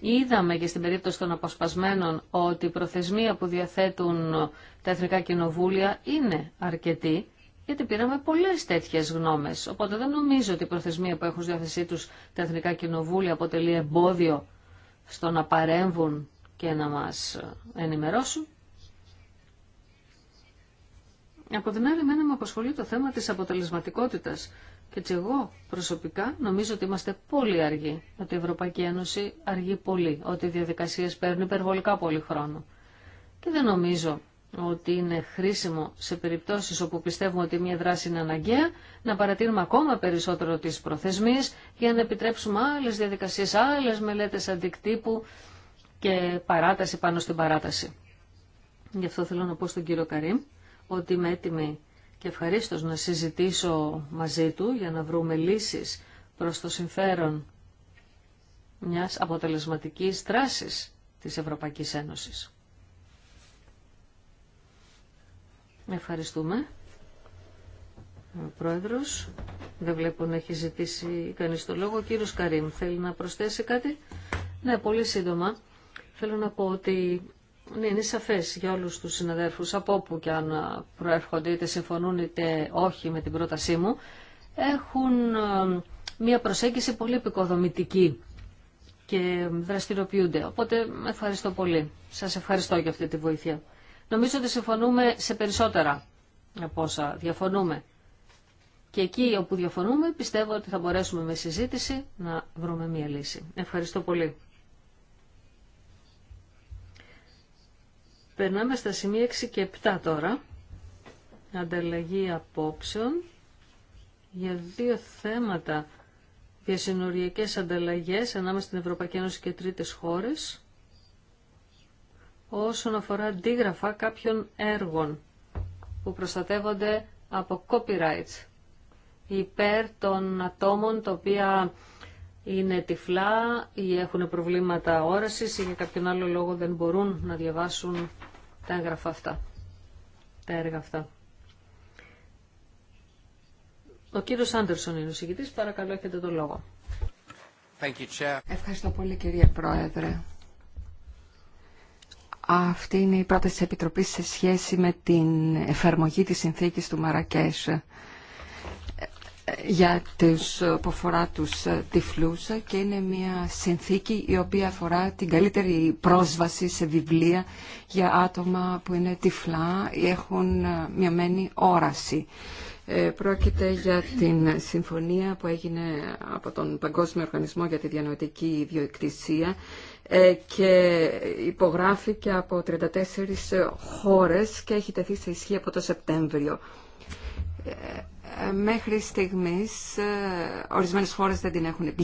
Είδαμε και στην περίπτωση των αποσπασμένων ότι η προθεσμία που διαθέτουν τα εθνικά κοινοβούλια είναι αρκετή, γιατί πήραμε πολλές τέτοιε γνώμες. Οπότε δεν νομίζω ότι η προθεσμία που έχουν στη διάθεσή τους τα εθνικά κοινοβούλια αποτελεί εμπόδιο στο να παρέμβουν και να μας ενημερώσουν. Από την άλλη, μένα με απασχολεί το θέμα της αποτελεσματικότητας και έτσι εγώ προσωπικά νομίζω ότι είμαστε πολύ αργοί, ότι η Ευρωπαϊκή Ένωση αργεί πολύ, ότι οι διαδικασίες παίρνουν υπερβολικά πολύ χρόνο. Και δεν νομίζω ότι είναι χρήσιμο σε περιπτώσεις όπου πιστεύουμε ότι μια δράση είναι αναγκαία, να παρατείνουμε ακόμα περισσότερο τις προθεσμίες για να επιτρέψουμε άλλες διαδικασίες, άλλες μελέτες αντικτύπου και παράταση πάνω στην παράταση. Γι' αυτό θέλω να πω στον κύριο Καρύμ ότι είμαι έτοιμη και ευχαρίστως να συζητήσω μαζί του για να βρούμε λύσεις προς το συμφέρον μιας αποτελεσματικής δράσης της Ευρωπαϊκής Ένωσης. Ευχαριστούμε. Ο Πρόεδρος, δεν βλέπω να έχει ζητήσει κανείς το λόγο. Ο κύριος Καρίμ θέλει να προσθέσει κάτι. Ναι, πολύ σύντομα. Θέλω να πω ότι ναι, είναι σαφέ για όλου του συναδέλφου, από όπου και αν προέρχονται, είτε συμφωνούν είτε όχι με την πρότασή μου, έχουν ε, μια προσέγγιση πολύ επικοδομητική και δραστηριοποιούνται. Οπότε ευχαριστώ πολύ. Σα ευχαριστώ για αυτή τη βοήθεια. Νομίζω ότι συμφωνούμε σε περισσότερα από όσα διαφωνούμε. Και εκεί όπου διαφωνούμε πιστεύω ότι θα μπορέσουμε με συζήτηση να βρούμε μια λύση. Ευχαριστώ πολύ. Περνάμε στα σημεία 6 και 7 τώρα. Ανταλλαγή απόψεων για δύο θέματα. Διασυνοριακές ανταλλαγές ανάμεσα στην Ευρωπαϊκή Ένωση και τρίτες χώρες όσον αφορά αντίγραφα κάποιων έργων που προστατεύονται από copyright. υπέρ των ατόμων τα οποία είναι τυφλά ή έχουν προβλήματα όρασης ή για κάποιον άλλο λόγο δεν μπορούν να διαβάσουν τα έγγραφα αυτά, τα έργα αυτά. Ο κύριος Άντερσον είναι ο συγκητής. Παρακαλώ, έχετε τον λόγο. Ευχαριστώ πολύ, κυρία Πρόεδρε. Αυτή είναι η πρόταση της Επιτροπής σε σχέση με την εφαρμογή της συνθήκης του Μαρακέσου για τους, που αφορά τους ε, τυφλούς και είναι μια συνθήκη η οποία αφορά την καλύτερη πρόσβαση σε βιβλία για άτομα που είναι τυφλά ή έχουν ε, μειωμένη όραση. Ε, πρόκειται για την συμφωνία που έγινε από τον Παγκόσμιο Οργανισμό για τη Διανοητική ε, και υπογράφηκε από 34 χώρες και έχει τεθεί σε ισχύ από το Σεπτέμβριο. Μέχρι στιγμής ε, ορισμένες χώρες δεν την έχουν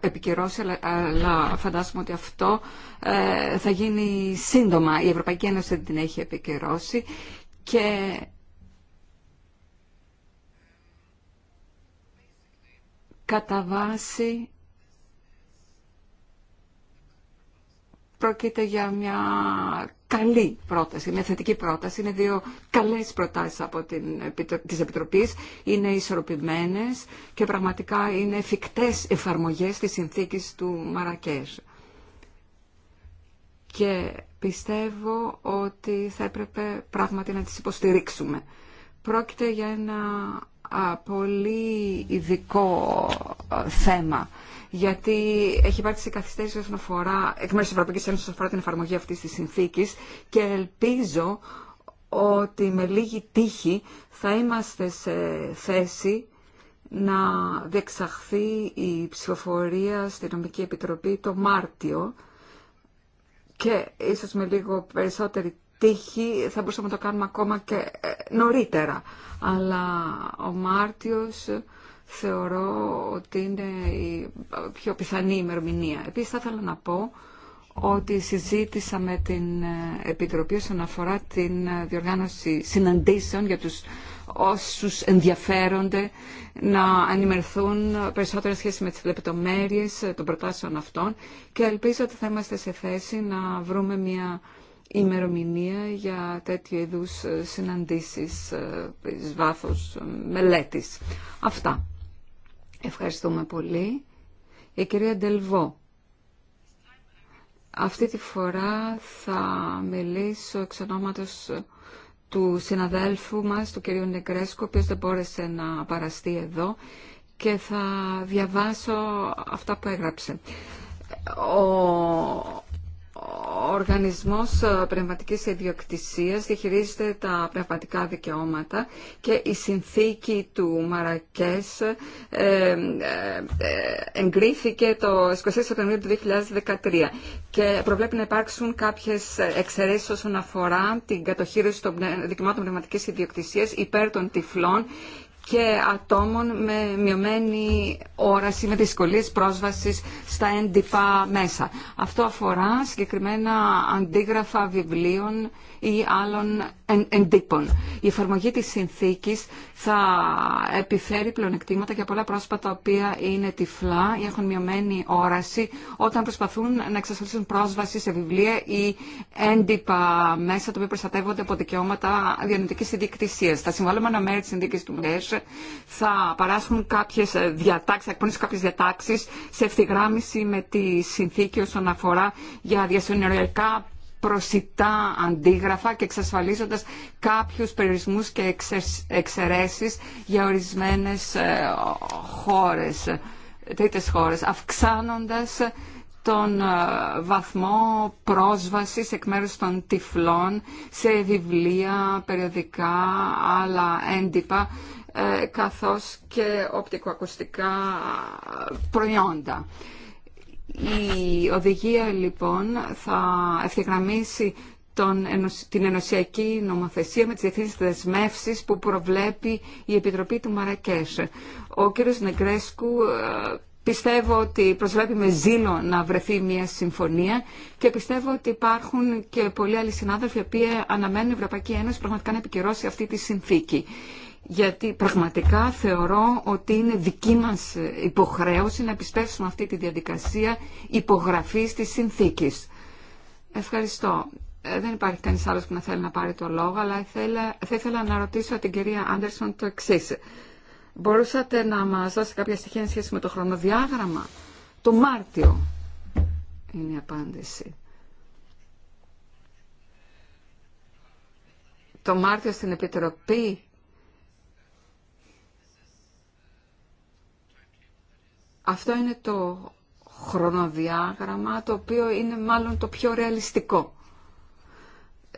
επικυρώσει, αλλά φαντάζομαι ότι αυτό ε, θα γίνει σύντομα. Η Ευρωπαϊκή Ένωση δεν την έχει επικυρώσει και κατά βάση πρόκειται για μια καλή πρόταση, μια θετική πρόταση. Είναι δύο καλές προτάσεις από την, της Επιτροπής. Είναι ισορροπημένες και πραγματικά είναι εφικτές εφαρμογές της συνθήκης του Μαρακές. Και πιστεύω ότι θα έπρεπε πράγματι να τις υποστηρίξουμε. Πρόκειται για ένα πολύ ειδικό ε, θέμα. Γιατί έχει υπάρξει καθυστέρηση όσον αφορά, εκ μέρου τη Ευρωπαϊκή Ένωση, όσον αφορά την εφαρμογή αυτή τη συνθήκη και ελπίζω ότι με λίγη τύχη θα είμαστε σε θέση να διεξαχθεί η ψηφοφορία στην Νομική Επιτροπή το Μάρτιο και ίσως με λίγο περισσότερη θα μπορούσαμε να το κάνουμε ακόμα και ε, νωρίτερα. Αλλά ο Μάρτιος ε, θεωρώ ότι είναι η ε, πιο πιθανή ημερομηνία. Επίσης θα ήθελα να πω ότι συζήτησα με την Επιτροπή όσον αφορά την διοργάνωση συναντήσεων για τους όσους ενδιαφέρονται να ενημερθούν περισσότερες σχέση με τις λεπτομέρειες των προτάσεων αυτών και ελπίζω ότι θα είμαστε σε θέση να βρούμε μια ημερομηνία για τέτοιου είδου ε, συναντήσεις ε, βάθο μελέτη. μελέτης. Αυτά. Ευχαριστούμε πολύ. Η κυρία Ντελβό. Αυτή τη φορά θα μιλήσω εξ ε, του συναδέλφου μας, του κυρίου Νεκρέσκου, ο οποίος δεν μπόρεσε να παραστεί εδώ και θα διαβάσω αυτά που έγραψε. Ο Οργανισμός ε, Πνευματικής Ιδιοκτησίας διαχειρίζεται τα πνευματικά δικαιώματα και η συνθήκη του Μαρακές ε, ε, εγκρίθηκε το 24 Σεπτεμβρίου του 2013 και προβλέπει να υπάρξουν κάποιες εξαιρέσεις όσον αφορά την κατοχήρωση των δικαιωμάτων πνευματικής ιδιοκτησίας υπέρ των τυφλών και ατόμων με μειωμένη όραση, με δυσκολίες πρόσβασης στα έντυπα μέσα. Αυτό αφορά συγκεκριμένα αντίγραφα βιβλίων ή άλλων εντύπων. Η εφαρμογή της συνθήκης θα επιφέρει πλεονεκτήματα για πολλά πρόσωπα τα οποία είναι τυφλά ή έχουν μειωμένη όραση όταν προσπαθούν να εξασφαλίσουν πρόσβαση σε βιβλία ή έντυπα μέσα τα οποία προστατεύονται από δικαιώματα διανοητική ιδιοκτησία. Τα ένα μέρη τη συνδίκη του ΜΕΣ θα παράσχουν κάποιε, διατάξεις, θα εκπονήσουν κάποιες διατάξεις σε ευθυγράμμιση με τη συνθήκη όσον αφορά για διασυνοριακά προσιτά αντίγραφα και εξασφαλίζοντας κάποιους περιορισμούς και εξαιρέσεις για ορισμένες ε, χώρες, τρίτες χώρες, αυξάνοντας τον ε, βαθμό πρόσβασης εκ μέρους των τυφλών σε βιβλία, περιοδικά, άλλα έντυπα, ε, καθώς και οπτικοακουστικά προϊόντα. Η οδηγία λοιπόν θα ευθυγραμμίσει τον, την ενωσιακή νομοθεσία με τις διεθνείς δεσμεύσεις που προβλέπει η Επιτροπή του Μαρακέσου. Ο κύριος Νεγκρέσκου ε, πιστεύω ότι προσβλέπει με ζήλο να βρεθεί μια συμφωνία και πιστεύω ότι υπάρχουν και πολλοί άλλοι συνάδελφοι οι οποίοι αναμένουν η Ευρωπαϊκή Ένωση πραγματικά να επικυρώσει αυτή τη συνθήκη γιατί πραγματικά θεωρώ ότι είναι δική μας υποχρέωση να επιστρέψουμε αυτή τη διαδικασία υπογραφής της συνθήκης. Ευχαριστώ. Ε, δεν υπάρχει κανείς άλλος που να θέλει να πάρει το λόγο, αλλά θα ήθελα να ρωτήσω την κυρία Άντερσον το εξή. Μπορούσατε να μας δώσετε κάποια στοιχεία σχέση με το χρονοδιάγραμμα. Το Μάρτιο είναι η απάντηση. Το Μάρτιο στην Επιτροπή Αυτό είναι το χρονοδιάγραμμα το οποίο είναι μάλλον το πιο ρεαλιστικό.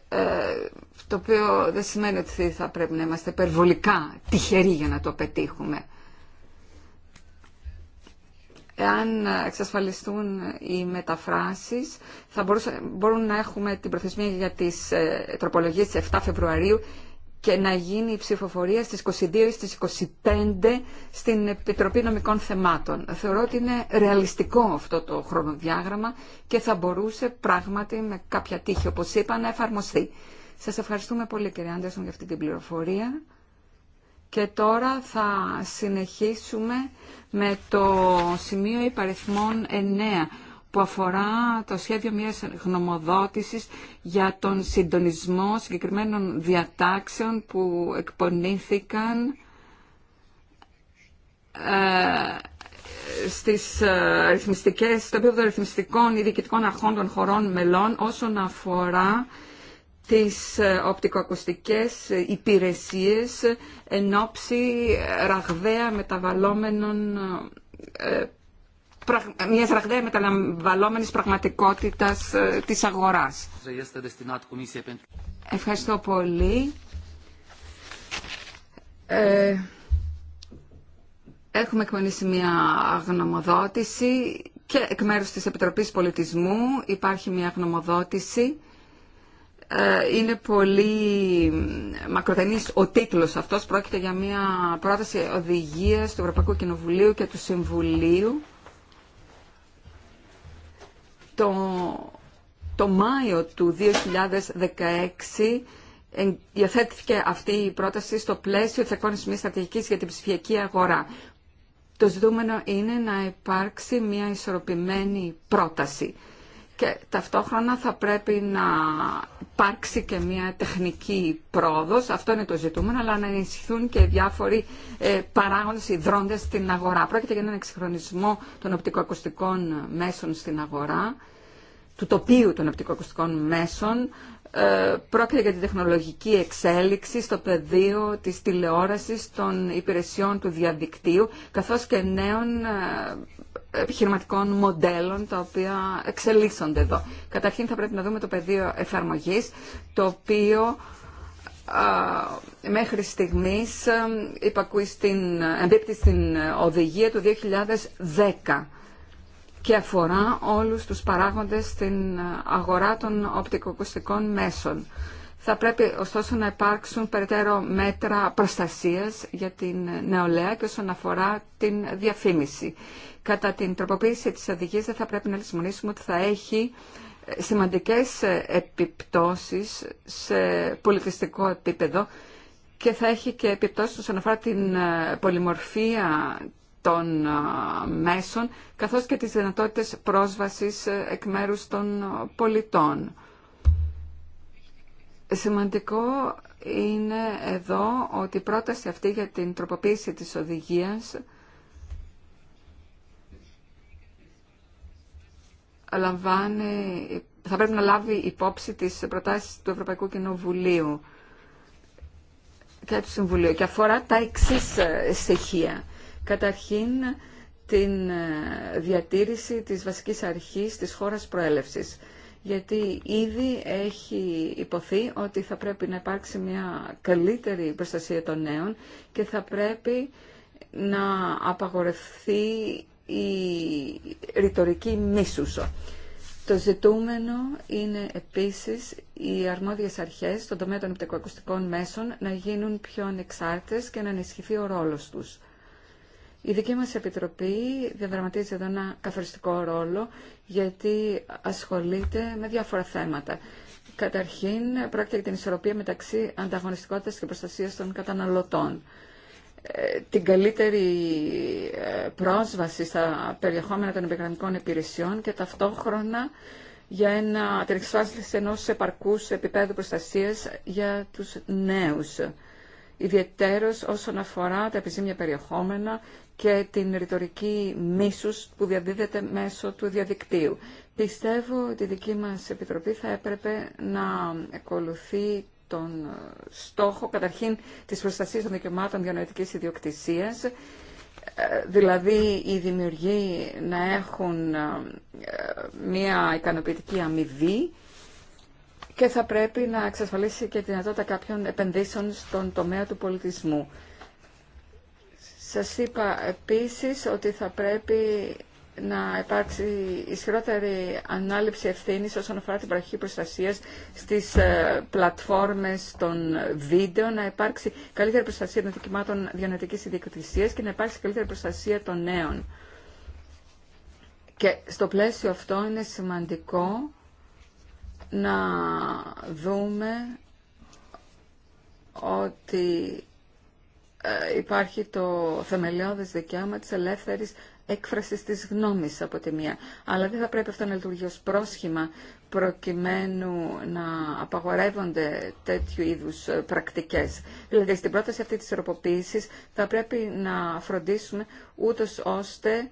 Ε, το οποίο δεν σημαίνει ότι θα πρέπει να είμαστε υπερβολικά τυχεροί για να το πετύχουμε. Εάν εξασφαλιστούν οι μεταφράσεις, θα μπορούν να έχουμε την προθεσμία για τις ε, τροπολογίες 7 Φεβρουαρίου και να γίνει η ψηφοφορία στις 22 ή στις 25 στην Επιτροπή Νομικών Θεμάτων. Θεωρώ ότι είναι ρεαλιστικό αυτό το χρονοδιάγραμμα και θα μπορούσε πράγματι με κάποια τύχη, όπως είπα, να εφαρμοστεί. Σας ευχαριστούμε πολύ κύριε Άντερσον για αυτή την πληροφορία. Και τώρα θα συνεχίσουμε με το σημείο υπαριθμών 9 που αφορά το σχέδιο μιας γνωμοδότησης για τον συντονισμό συγκεκριμένων διατάξεων που εκπονήθηκαν ε, στις ε, ρυθμιστικές, στο επίπεδο ρυθμιστικών ή διοικητικών αρχών των χωρών μελών όσον αφορά τις ε, οπτικοακουστικές υπηρεσίες εν ώψη ραγδαία μεταβαλλόμενων μιας ραγδαία μεταλαμβαλόμενης πραγματικότητας ε, της αγοράς. Ευχαριστώ πολύ. Ε, έχουμε εκμονήσει μια γνωμοδότηση και εκ μέρους της Επιτροπής Πολιτισμού υπάρχει μια γνωμοδότηση. Ε, είναι πολύ μακροτενής ο τίτλος αυτός. Πρόκειται για μια πρόταση οδηγίας του Ευρωπαϊκού Κοινοβουλίου και του Συμβουλίου το, το Μάιο του 2016 διαθέτηκε ε, αυτή η πρόταση στο πλαίσιο της μιας στρατηγικής για την ψηφιακή αγορά. Το ζητούμενο είναι να υπάρξει μια ισορροπημένη πρόταση και ταυτόχρονα θα πρέπει να υπάρξει και μια τεχνική πρόοδος, αυτό είναι το ζητούμενο, αλλά να ενισχυθούν και διάφοροι ε, παράγοντες ιδρώντες στην αγορά. Πρόκειται για έναν εξυγχρονισμό των οπτικοακουστικών μέσων στην αγορά, του τοπίου των οπτικοακουστικών μέσων, ε, πρόκειται για την τεχνολογική εξέλιξη στο πεδίο της τηλεόρασης των υπηρεσιών του διαδικτύου, καθώς και νέων ε, επιχειρηματικών μοντέλων τα οποία εξελίσσονται εδώ. Καταρχήν θα πρέπει να δούμε το πεδίο εφαρμογής, το οποίο μέχρι στιγμής ε, υπακούει στην, εμπίπτει στην οδηγία του 2010 και αφορά όλους τους παράγοντες στην αγορά των οπτικοκουστικών μέσων. Θα πρέπει ωστόσο να υπάρξουν περαιτέρω μέτρα προστασίας για την νεολαία και όσον αφορά την διαφήμιση. Κατά την τροποποίηση της οδηγίας δεν θα πρέπει να λησμονήσουμε ότι θα έχει ε, σημαντικές ε, επιπτώσεις σε πολιτιστικό επίπεδο και θα έχει και επιπτώσεις όσον αφορά την ε, πολυμορφία των μέσων καθώς και τις δυνατότητες πρόσβασης εκ μέρους των πολιτών. Σημαντικό είναι εδώ ότι η πρόταση αυτή για την τροποποίηση της οδηγίας λαμβάνει, θα πρέπει να λάβει υπόψη τις προτάσεις του Ευρωπαϊκού Κοινοβουλίου και του Συμβουλίου και αφορά τα εξή ε, στοιχεία. Καταρχήν, την ε, διατήρηση της βασικής αρχής της χώρας προέλευσης γιατί ήδη έχει υποθεί ότι θα πρέπει να υπάρξει μια καλύτερη προστασία των νέων και θα πρέπει να απαγορευθεί η ρητορική μίσους. Το ζητούμενο είναι επίσης οι αρμόδιες αρχές στον τομέα των επιτεκοακουστικών μέσων να γίνουν πιο ανεξάρτητες και να ενισχυθεί ο ρόλος τους. Η δική μας Επιτροπή διαδραματίζει εδώ ένα καθοριστικό ρόλο γιατί ασχολείται με διάφορα θέματα. Καταρχήν, πρόκειται για την ισορροπία μεταξύ ανταγωνιστικότητας και προστασίας των καταναλωτών. Ε, την καλύτερη ε, πρόσβαση στα περιεχόμενα των επιγραμμικών υπηρεσιών και ταυτόχρονα για ένα, την εξασφάλιση ενός επαρκούς επίπεδου προστασίας για τους νέους ιδιαιτέρως όσον αφορά τα επιζήμια περιεχόμενα και την ρητορική μίσους που διαδίδεται μέσω του διαδικτύου. Πιστεύω ότι η δική μας Επιτροπή θα έπρεπε να ακολουθεί τον στόχο καταρχήν της προστασίας των δικαιωμάτων διανοητικής ιδιοκτησίας, ε, δηλαδή οι δημιουργοί να έχουν ε, μία ικανοποιητική αμοιβή και θα πρέπει να εξασφαλίσει και τη δυνατότητα κάποιων επενδύσεων στον τομέα του πολιτισμού. Σας είπα επίσης ότι θα πρέπει να υπάρξει ισχυρότερη ανάληψη ευθύνης όσον αφορά την παροχή προστασίας στις ε, πλατφόρμες των βίντεο, να υπάρξει καλύτερη προστασία των δικημάτων διανοητικής ιδιοκτησίας και να υπάρξει καλύτερη προστασία των νέων. Και στο πλαίσιο αυτό είναι σημαντικό να δούμε ότι ε, υπάρχει το θεμελιώδες δικαίωμα της ελεύθερης έκφρασης της γνώμης από τη μία. Αλλά δεν θα πρέπει αυτό να λειτουργεί ως πρόσχημα προκειμένου να απαγορεύονται τέτοιου είδους ε, πρακτικές. Δηλαδή στην πρόταση αυτή της ερωποποίησης θα πρέπει να φροντίσουμε ούτως ώστε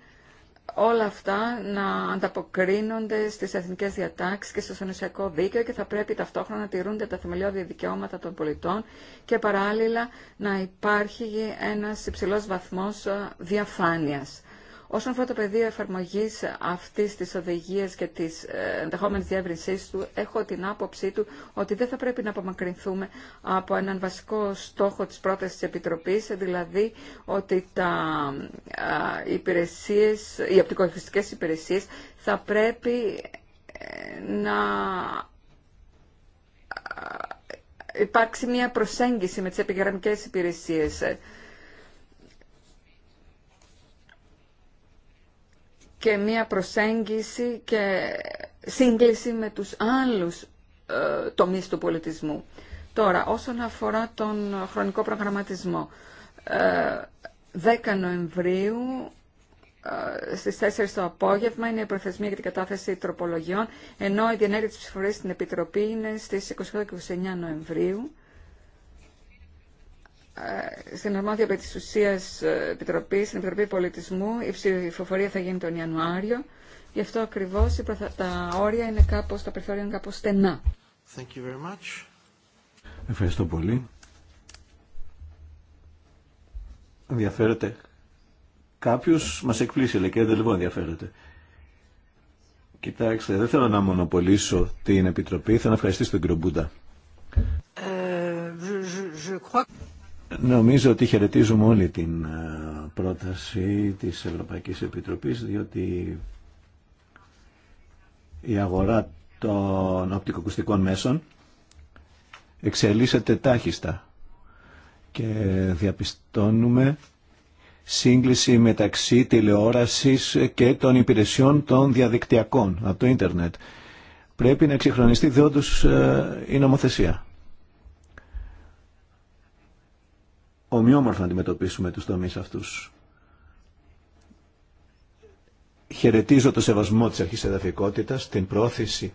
όλα αυτά να ανταποκρίνονται στις εθνικές διατάξεις και στο συνωσιακό δίκαιο και θα πρέπει ταυτόχρονα να τηρούνται τα θεμελιώδη δικαιώματα των πολιτών και παράλληλα να υπάρχει ένας υψηλός βαθμός ε, διαφάνειας. Όσον αφορά το πεδίο εφαρμογή αυτή τη οδηγία και τη ε, ενδεχόμενη διεύρυνσή του, έχω την άποψή του ότι δεν θα πρέπει να απομακρυνθούμε από έναν βασικό στόχο τη πρόταση τη Επιτροπή, δηλαδή ότι τα ε, υπηρεσίες, οι οπτικοχρηστικέ υπηρεσίε θα πρέπει ε, να υπάρξει μια προσέγγιση με τις επιγραμμικές υπηρεσίες. και μία προσέγγιση και σύγκληση με τους άλλους ε, τομείς του πολιτισμού. Τώρα, όσον αφορά τον χρονικό προγραμματισμό, 10 ε, Νοεμβρίου στι ε, στις 4 το απόγευμα είναι η προθεσμία για την κατάθεση τροπολογιών, ενώ η διενέργεια της ψηφορία στην Επιτροπή είναι στις 28 και 29 Νοεμβρίου ε, στην αρμόδια επί της ουσίας ε, επιτροπή, στην Επιτροπή Πολιτισμού, η ψηφοφορία θα γίνει τον Ιανουάριο. Γι' αυτό ακριβώς τα όρια είναι κάπως, τα περιθώρια είναι κάπως στενά. Thank you very Ευχαριστώ πολύ. Ενδιαφέρεται. Κάποιος μας εκπλήσει, λέει, και δεν λοιπόν ενδιαφέρεται. Κοιτάξτε, δεν θέλω να μονοπολίσω την Επιτροπή, θέλω να ευχαριστήσω την κύριο Νομίζω ότι χαιρετίζουμε όλη την ε, πρόταση της Ευρωπαϊκής Επιτροπής διότι η αγορά των οπτικοκουστικών μέσων εξελίσσεται τάχιστα και διαπιστώνουμε σύγκληση μεταξύ τηλεόρασης και των υπηρεσιών των διαδικτυακών από το ίντερνετ. Πρέπει να εξυγχρονιστεί διόντως ε, η νομοθεσία. ομοιόμορφα να αντιμετωπίσουμε τους τομείς αυτούς. Χαιρετίζω το σεβασμό της αρχής εδαφικότητας, την πρόθεση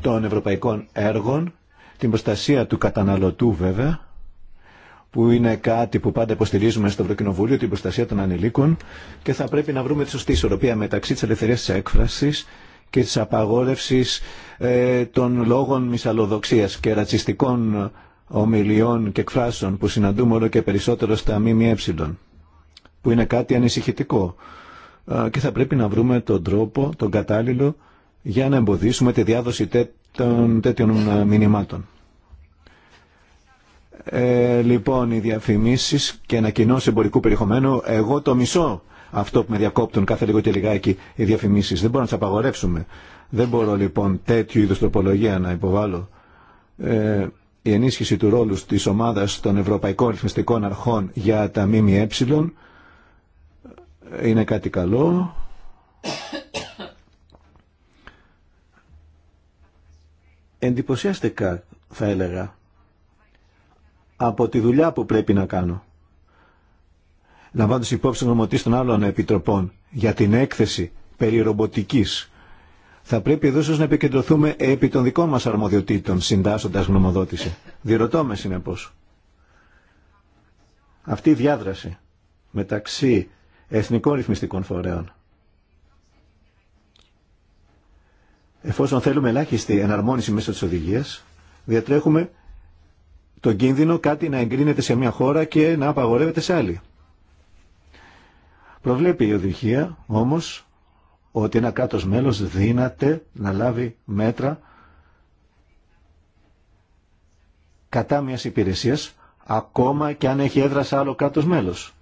των ευρωπαϊκών έργων, την προστασία του καταναλωτού βέβαια, που είναι κάτι που πάντα υποστηρίζουμε στο Ευρωκοινοβούλιο, την προστασία των ανηλίκων και θα πρέπει να βρούμε τη σωστή ισορροπία μεταξύ της ελευθερίας της έκφρασης και της απαγόρευσης ε, των λόγων μυσαλλοδοξίας και ρατσιστικών ομιλιών και εκφράσεων που συναντούμε όλο και περισσότερο στα ΜΜΕ, που είναι κάτι ανησυχητικό. Και θα πρέπει να βρούμε τον τρόπο, τον κατάλληλο, για να εμποδίσουμε τη διάδοση τέτοιων, τέτοιων μηνυμάτων. Ε, λοιπόν, οι διαφημίσεις και ανακοινώσει εμπορικού περιεχομένου, εγώ το μισώ αυτό που με διακόπτουν κάθε λίγο και λιγάκι οι διαφημίσεις. Δεν μπορώ να τι απαγορεύσουμε. Δεν μπορώ λοιπόν τέτοιου είδους τροπολογία να υποβάλω. Ε, η ενίσχυση του ρόλου της ομάδας των Ευρωπαϊκών Ρυθμιστικών Αρχών για τα ΜΜΕ είναι κάτι καλό. Εντυπωσιάστηκα, θα έλεγα, από τη δουλειά που πρέπει να κάνω. Λαμβάνοντας υπόψη νομοτής των άλλων επιτροπών για την έκθεση περί ρομποτικής θα πρέπει εδώ να επικεντρωθούμε επί των δικών μας αρμοδιοτήτων συντάσσοντας γνωμοδότηση. Διερωτώ με συνεπώς. Αυτή η διάδραση μεταξύ εθνικών ρυθμιστικών φορέων εφόσον θέλουμε ελάχιστη εναρμόνιση μέσα της οδηγίας διατρέχουμε τον κίνδυνο κάτι να εγκρίνεται σε μια χώρα και να απαγορεύεται σε άλλη. Προβλέπει η οδηγία όμως ότι ένα κράτος μέλος δύναται να λάβει μέτρα κατά μιας υπηρεσίας ακόμα και αν έχει έδρα σε άλλο κράτος μέλος.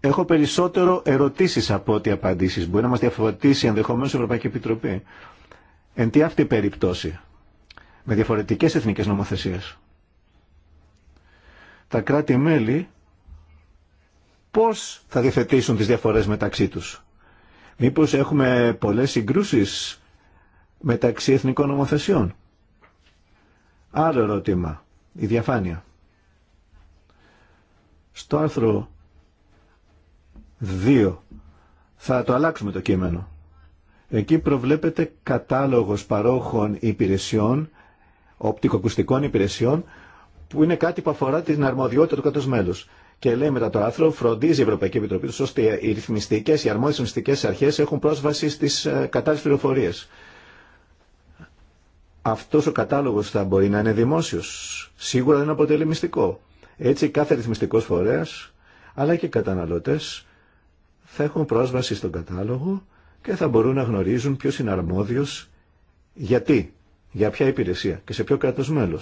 Έχω περισσότερο ερωτήσεις από ό,τι απαντήσεις. Μπορεί να μας διαφορετήσει ενδεχομένως η Ευρωπαϊκή Επιτροπή. Εν τι αυτή περίπτωση με διαφορετικές εθνικές νομοθεσίες. Τα κράτη-μέλη πώς θα διαθετήσουν τις διαφορές μεταξύ τους. Μήπως έχουμε πολλές συγκρούσεις μεταξύ εθνικών νομοθεσιών. Άλλο ερώτημα, η διαφάνεια. Στο άρθρο 2 θα το αλλάξουμε το κείμενο. Εκεί προβλέπεται κατάλογος παρόχων υπηρεσιών, οπτικοκουστικών υπηρεσιών, που είναι κάτι που αφορά την αρμοδιότητα του κάτω μέλους. Και λέει μετά το άρθρο, φροντίζει η Ευρωπαϊκή Επιτροπή του ώστε οι ρυθμιστικέ, οι αρμόδιε ρυθμιστικέ αρχέ έχουν πρόσβαση στι ε, κατάλληλε πληροφορίε. Αυτό ο κατάλογο θα μπορεί να είναι δημόσιο. Σίγουρα δεν αποτελεί μυστικό. Έτσι κάθε ρυθμιστικό φορέα, αλλά και οι καταναλωτέ, θα έχουν πρόσβαση στον κατάλογο και θα μπορούν να γνωρίζουν ποιο είναι αρμόδιο, γιατί, για ποια υπηρεσία και σε ποιο κράτο μέλο.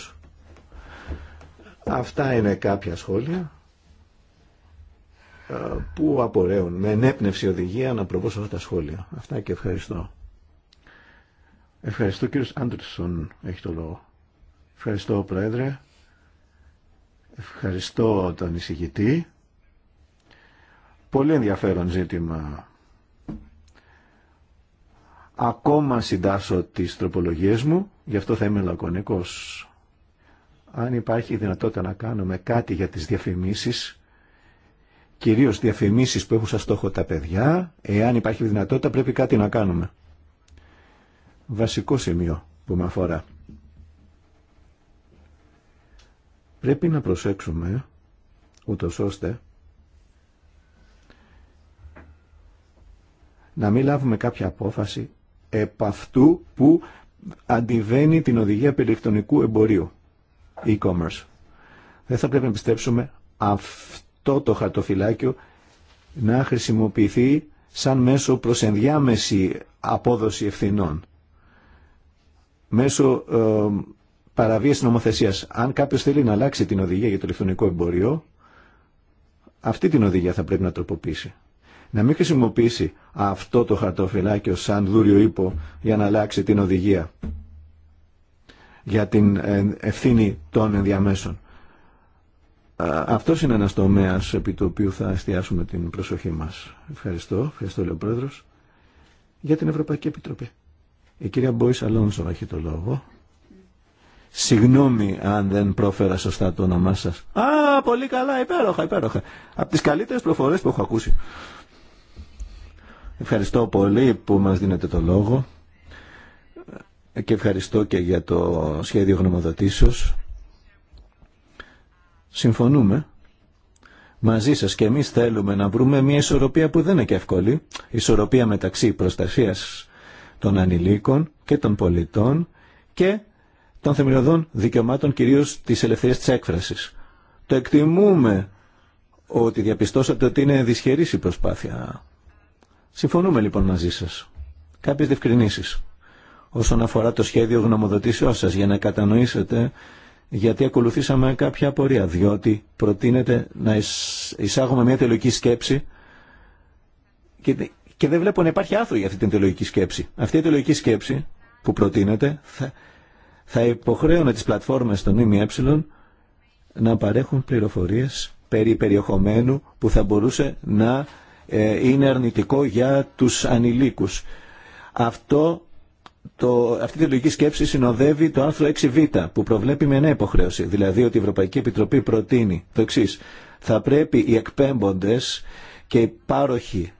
Αυτά είναι κάποια σχόλια. Ε, που απορρέουν. Με ενέπνευση οδηγία να προβώ τα σχόλια. Αυτά και ευχαριστώ. Ευχαριστώ κύριος Άντρσον, έχει το λόγο. Ευχαριστώ Πρόεδρε. Ευχαριστώ τον εισηγητή. Πολύ ενδιαφέρον ζήτημα. Ακόμα συντάσσω τις τροπολογίες μου, γι' αυτό θα είμαι λακωνικός. Αν υπάρχει δυνατότητα να κάνουμε κάτι για τις διαφημίσεις, κυρίως διαφημίσεις που έχουν σαν στόχο τα παιδιά, εάν υπάρχει δυνατότητα πρέπει κάτι να κάνουμε. Βασικό σημείο που με αφορά. Πρέπει να προσέξουμε, ούτως ώστε, να μην λάβουμε κάποια απόφαση επ' αυτού που αντιβαίνει την οδηγία περιεκτονικού εμπορίου, e-commerce. Δεν θα πρέπει να πιστέψουμε αυτό αυτό το χαρτοφυλάκιο να χρησιμοποιηθεί σαν μέσο προς ενδιάμεση απόδοση ευθυνών. Μέσω ε, παραβίαση νομοθεσίας. Αν κάποιος θέλει να αλλάξει την οδηγία για το ηλεκτρονικό εμπόριο, αυτή την οδηγία θα πρέπει να τροποποιήσει. Να μην χρησιμοποιήσει αυτό το χαρτοφυλάκιο σαν δούριο ύπο για να αλλάξει την οδηγία για την ε, ευθύνη των ενδιαμέσων. Αυτό είναι ένα τομέα επί του οποίου θα εστιάσουμε την προσοχή μα. Ευχαριστώ, ευχαριστώ, λέει ο Πρόεδρο, για την Ευρωπαϊκή Επιτροπή. Η κυρία Μπόη Αλόνσο έχει το λόγο. Συγγνώμη αν δεν πρόφερα σωστά το όνομά σα. Α, πολύ καλά, υπέροχα, υπέροχα. Από τι καλύτερε προφορέ που έχω ακούσει. Ευχαριστώ πολύ που μας δίνετε το λόγο και ευχαριστώ και για το σχέδιο γνωμοδοτήσεως συμφωνούμε μαζί σας και εμείς θέλουμε να βρούμε μια ισορροπία που δεν είναι και εύκολη, ισορροπία μεταξύ προστασίας των ανηλίκων και των πολιτών και των θεμελιωδών δικαιωμάτων κυρίως της ελευθερίας της έκφρασης. Το εκτιμούμε ότι διαπιστώσατε ότι είναι δυσχερής η προσπάθεια. Συμφωνούμε λοιπόν μαζί σας. Κάποιες διευκρινήσεις όσον αφορά το σχέδιο γνωμοδοτήσεώς σας για να κατανοήσετε γιατί ακολουθήσαμε κάποια απορία, διότι προτείνεται να εισάγουμε μια τελογική σκέψη και, και δεν βλέπω να υπάρχει άθρο για αυτή την τελογική σκέψη. Αυτή η τελογική σκέψη που προτείνεται θα, θα υποχρέωνε τις πλατφόρμες των ΜΜΕ να παρέχουν πληροφορίες περί περιεχομένου που θα μπορούσε να ε, είναι αρνητικό για τους ανηλίκους. Αυτό το, αυτή η λογική σκέψη συνοδεύει το άρθρο 6β που προβλέπει με νέα υποχρέωση. Δηλαδή ότι η Ευρωπαϊκή Επιτροπή προτείνει το εξή. Θα πρέπει οι εκπέμποντες και οι πάροχοι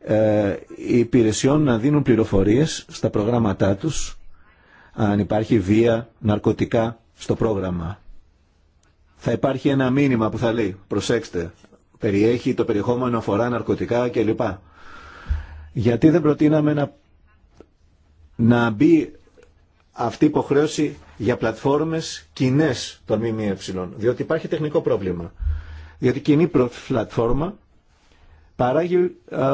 ε, υπηρεσιών να δίνουν πληροφορίες στα προγράμματά τους αν υπάρχει βία, ναρκωτικά στο πρόγραμμα. Θα υπάρχει ένα μήνυμα που θα λέει προσέξτε, περιέχει το περιεχόμενο αφορά ναρκωτικά κλπ. Γιατί δεν προτείναμε να να μπει αυτή η υποχρέωση για πλατφόρμες κοινέ των ΜΜΕ, διότι υπάρχει τεχνικό πρόβλημα. Διότι η κοινή πλατφόρμα παράγει ε, ε,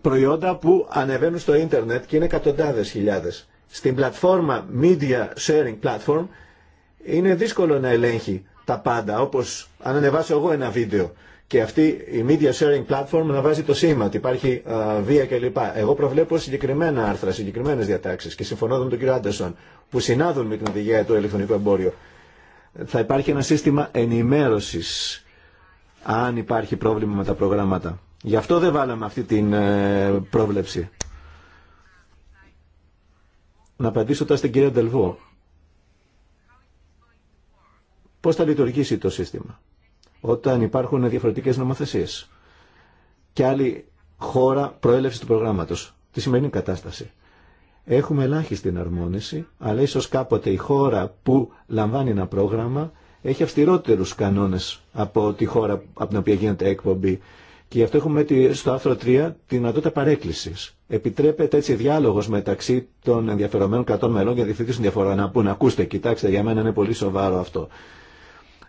προϊόντα που ανεβαίνουν στο ίντερνετ και είναι εκατοντάδες χιλιάδες. Στην πλατφόρμα Media Sharing Platform είναι δύσκολο να ελέγχει τα πάντα, όπως αν ανεβάσω εγώ ένα βίντεο και αυτή η media sharing platform να βάζει το σήμα ότι υπάρχει α, βία κλπ. Εγώ προβλέπω συγκεκριμένα άρθρα, συγκεκριμένε διατάξει και συμφωνώ με τον κύριο Άντερσον που συνάδουν με την οδηγία του ηλεκτρονικού εμπόριου. Θα υπάρχει ένα σύστημα ενημέρωση αν υπάρχει πρόβλημα με τα προγράμματα. Γι' αυτό δεν βάλαμε αυτή την ε, πρόβλεψη. Να απαντήσω τώρα στην κυρία Ντελβό. Πώς θα λειτουργήσει το σύστημα όταν υπάρχουν διαφορετικές νομοθεσίες και άλλη χώρα προέλευση του προγράμματος, τη σημερινή κατάσταση. Έχουμε ελάχιστη εναρμόνιση, αλλά ίσως κάποτε η χώρα που λαμβάνει ένα πρόγραμμα έχει αυστηρότερους κανόνες από τη χώρα από την οποία γίνεται έκπομπη. Και γι' αυτό έχουμε στο άρθρο 3 τη δυνατότητα παρέκκληση. Επιτρέπεται έτσι διάλογο μεταξύ των ενδιαφερομένων κρατών μελών για διευθυντή διαφορά. Να πούνε. ακούστε, κοιτάξτε, για μένα είναι πολύ σοβαρό αυτό.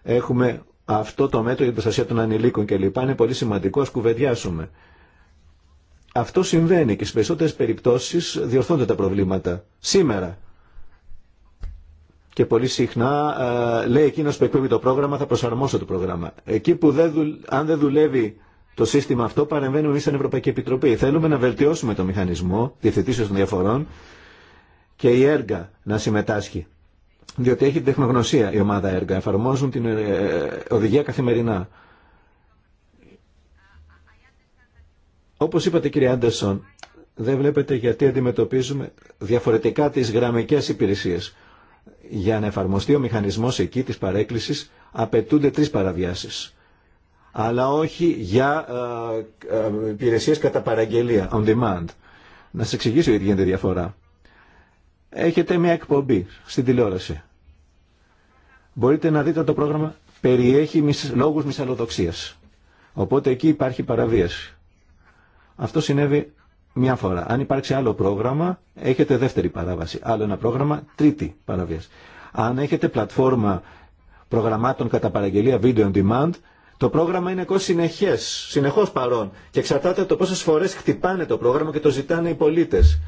Έχουμε αυτό το μέτρο για την προστασία των ανηλίκων κλπ. είναι πολύ σημαντικό, κουβεντιάσουμε. Αυτό συμβαίνει και στι περισσότερε περιπτώσει διορθώνται τα προβλήματα. Σήμερα. Και πολύ συχνά ε, λέει εκείνο που εκπέμπει το πρόγραμμα θα προσαρμόσω το πρόγραμμα. Εκεί που δεν αν δεν δουλεύει το σύστημα αυτό παρεμβαίνουμε εμεί σαν Ευρωπαϊκή Επιτροπή. Θέλουμε να βελτιώσουμε το μηχανισμό διευθετήσεω των διαφορών και η έργα να συμμετάσχει διότι έχει την τεχνογνωσία η ομάδα έργα, εφαρμόζουν την ε, οδηγία καθημερινά. Όπως είπατε κύριε Άντερσον, δεν βλέπετε γιατί αντιμετωπίζουμε διαφορετικά τις γραμμικές υπηρεσίες. Για να εφαρμοστεί ο μηχανισμός εκεί της παρέκκλησης απαιτούνται τρεις παραβιάσεις. Αλλά όχι για ε, ε, υπηρεσίες κατά παραγγελία, on demand. Να σας εξηγήσω γιατί γίνεται διαφορά έχετε μια εκπομπή στην τηλεόραση. Μπορείτε να δείτε το πρόγραμμα περιέχει λόγους μυσαλλοδοξίας. Οπότε εκεί υπάρχει παραβίαση. Αυτό συνέβη μια φορά. Αν υπάρξει άλλο πρόγραμμα, έχετε δεύτερη παράβαση. Άλλο ένα πρόγραμμα, τρίτη παραβίαση. Αν έχετε πλατφόρμα προγραμμάτων κατά παραγγελία video on demand, το πρόγραμμα είναι ακόμα συνεχές, συνεχώς παρόν και εξαρτάται το πόσες φορές χτυπάνε το πρόγραμμα και το ζητάνε οι πολίτες.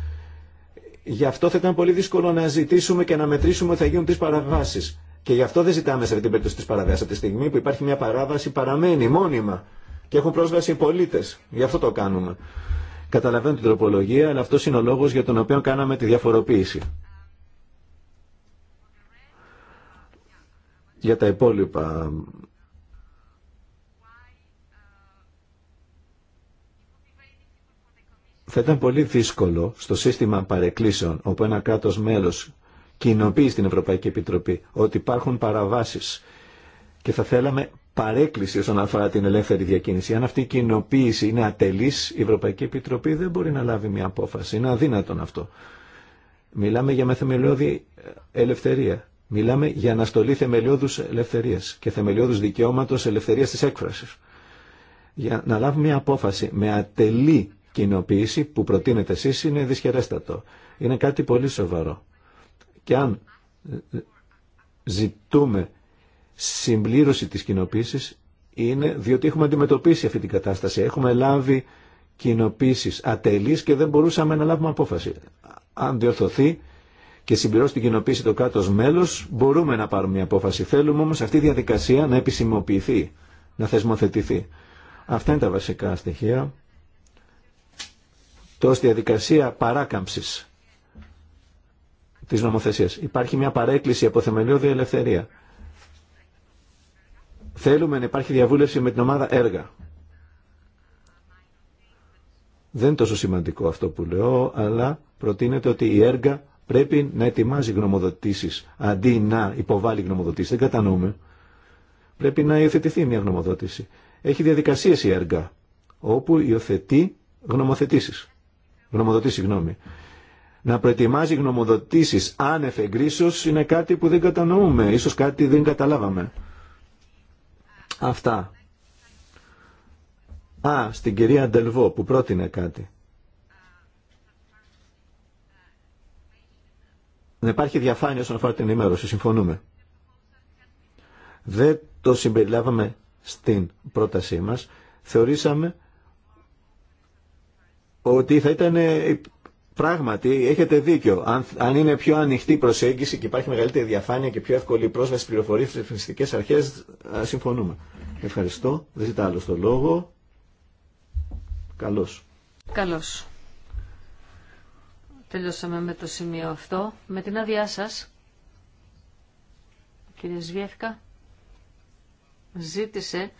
Γι' αυτό θα ήταν πολύ δύσκολο να ζητήσουμε και να μετρήσουμε ότι θα γίνουν τρει παραβάσει. Και γι' αυτό δεν ζητάμε σε αυτή την περίπτωση τη παραβάση. Από τη στιγμή που υπάρχει μια παράβαση παραμένει μόνιμα και έχουν πρόσβαση οι πολίτε. Γι' αυτό το κάνουμε. Καταλαβαίνω την τροπολογία, αλλά αυτό είναι ο λόγο για τον οποίο κάναμε τη διαφοροποίηση. Για τα υπόλοιπα Θα ήταν πολύ δύσκολο στο σύστημα παρεκκλήσεων, όπου ένα κράτος μέλος κοινοποιεί στην Ευρωπαϊκή Επιτροπή ότι υπάρχουν παραβάσεις και θα θέλαμε παρέκκληση όσον αφορά την ελεύθερη διακίνηση. Αν αυτή η κοινοποίηση είναι ατελής, η Ευρωπαϊκή Επιτροπή δεν μπορεί να λάβει μια απόφαση. Είναι αδύνατον αυτό. Μιλάμε για μεθεμελιώδη ελευθερία. Μιλάμε για αναστολή θεμελιώδου ελευθερία και θεμελιώδου δικαιώματο ελευθερία τη έκφραση. Για να λάβουμε μια απόφαση με ατελή κοινοποίηση που προτείνετε εσείς είναι δυσχερέστατο. Είναι κάτι πολύ σοβαρό. Και αν ζητούμε συμπλήρωση της κοινοποίηση είναι διότι έχουμε αντιμετωπίσει αυτή την κατάσταση. Έχουμε λάβει κοινοποίησει ατελείς και δεν μπορούσαμε να λάβουμε απόφαση. Αν διορθωθεί και συμπληρώσει την κοινοποίηση το κάτω μέλο, μπορούμε να πάρουμε μια απόφαση. Θέλουμε όμω αυτή η διαδικασία να επισημοποιηθεί, να θεσμοθετηθεί. Αυτά είναι τα βασικά στοιχεία το διαδικασία παράκαμψης της νομοθεσίας. Υπάρχει μια παρέκκληση από θεμελιώδη ελευθερία. Θέλουμε να υπάρχει διαβούλευση με την ομάδα έργα. Δεν είναι τόσο σημαντικό αυτό που λέω, αλλά προτείνεται ότι η έργα πρέπει να ετοιμάζει γνωμοδοτήσεις, αντί να υποβάλει γνωμοδοτήσεις. Δεν κατανοούμε. Πρέπει να υιοθετηθεί μια γνωμοδότηση. Έχει διαδικασίες η έργα, όπου υιοθετεί γνωμοθετήσεις γνωμοδοτή, συγγνώμη. Να προετοιμάζει γνωμοδοτήσει άνευ εγκρίσεως είναι κάτι που δεν κατανοούμε, ίσως κάτι δεν καταλάβαμε. Αυτά. Α, στην κυρία Ντελβό που πρότεινε κάτι. Δεν υπάρχει διαφάνεια όσον αφορά την ενημέρωση, συμφωνούμε. Δεν το συμπεριλάβαμε στην πρότασή μας. Θεωρήσαμε ότι θα ήταν ε, πράγματι, έχετε δίκιο, αν, αν είναι πιο ανοιχτή προσέγγιση και υπάρχει μεγαλύτερη διαφάνεια και πιο εύκολη πρόσβαση πληροφορίες στις φυσικές αρχές, συμφωνούμε. Ευχαριστώ. Δεν ζητά άλλο το λόγο. Καλώς. Καλώς. Τελειώσαμε με το σημείο αυτό. Με την άδειά σας, κύριε Σβιεύκα, ζήτησε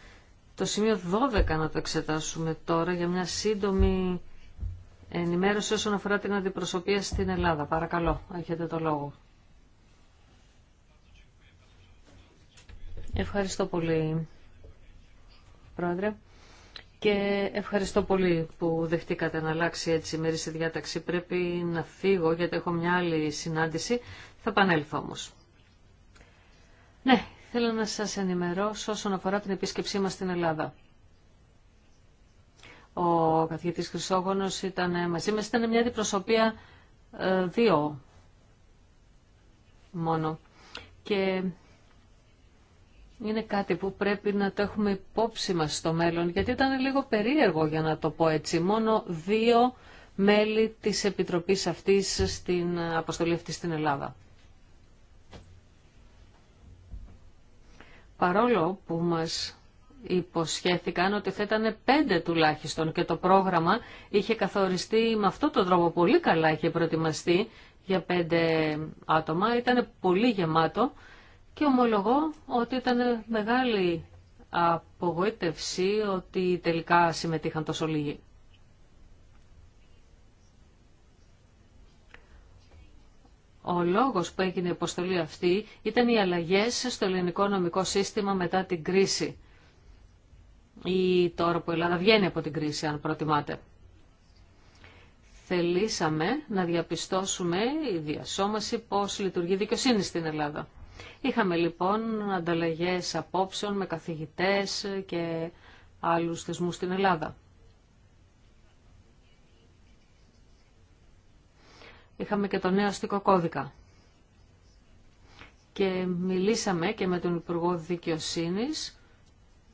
το σημείο 12 να το εξετάσουμε τώρα για μια σύντομη ενημέρωση όσον αφορά την αντιπροσωπεία στην Ελλάδα. Παρακαλώ, έχετε το λόγο. Ευχαριστώ πολύ, Πρόεδρε. Και ευχαριστώ πολύ που δεχτήκατε να αλλάξει έτσι η μέρη στη διάταξη. Πρέπει να φύγω γιατί έχω μια άλλη συνάντηση. Θα επανέλθω όμως. Ναι, θέλω να σας ενημερώσω όσον αφορά την επίσκεψή μας στην Ελλάδα. Ο καθηγητής Χρυσόγονος ήταν μαζί μας. Ήταν μια αντιπροσωπεία ε, δύο μόνο. Και είναι κάτι που πρέπει να το έχουμε υπόψη μας στο μέλλον, γιατί ήταν λίγο περίεργο για να το πω έτσι. Μόνο δύο μέλη της Επιτροπής αυτής στην αποστολή αυτή στην Ελλάδα. Παρόλο που μας υποσχέθηκαν ότι θα ήταν πέντε τουλάχιστον και το πρόγραμμα είχε καθοριστεί με αυτόν τον τρόπο πολύ καλά, είχε προετοιμαστεί για πέντε άτομα, ήταν πολύ γεμάτο και ομολογώ ότι ήταν μεγάλη απογοήτευση ότι τελικά συμμετείχαν τόσο λίγοι. Ο λόγος που έγινε η αποστολή αυτή ήταν οι αλλαγές στο ελληνικό νομικό σύστημα μετά την κρίση ή τώρα που η Ελλάδα βγαίνει από την κρίση, αν προτιμάτε. Θελήσαμε να διαπιστώσουμε η διασώμαση πώς λειτουργεί η δικαιοσύνη στην Ελλάδα. Είχαμε λοιπόν ανταλλαγές απόψεων με καθηγητές και άλλους θεσμούς στην Ελλάδα. Είχαμε και το νέο αστικό κώδικα. Και μιλήσαμε και με τον Υπουργό Δικαιοσύνης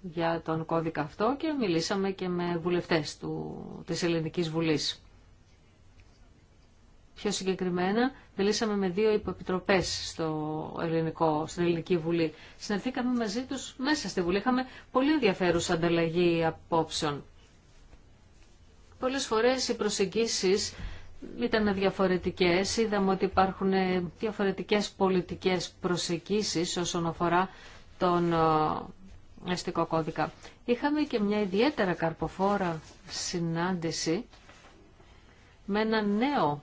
για τον κώδικα αυτό και μιλήσαμε και με βουλευτές του, της Ελληνικής Βουλής. Πιο συγκεκριμένα, μιλήσαμε με δύο υποεπιτροπές στο ελληνικό, στην Ελληνική Βουλή. Συνερθήκαμε μαζί τους μέσα στη Βουλή. Είχαμε πολύ ενδιαφέρουσα ανταλλαγή απόψεων. Πολλές φορές οι προσεγγίσεις ήταν διαφορετικές. Είδαμε ότι υπάρχουν διαφορετικές πολιτικές προσεγγίσεις όσον αφορά τον Είχαμε και μια ιδιαίτερα καρποφόρα συνάντηση με ένα νέο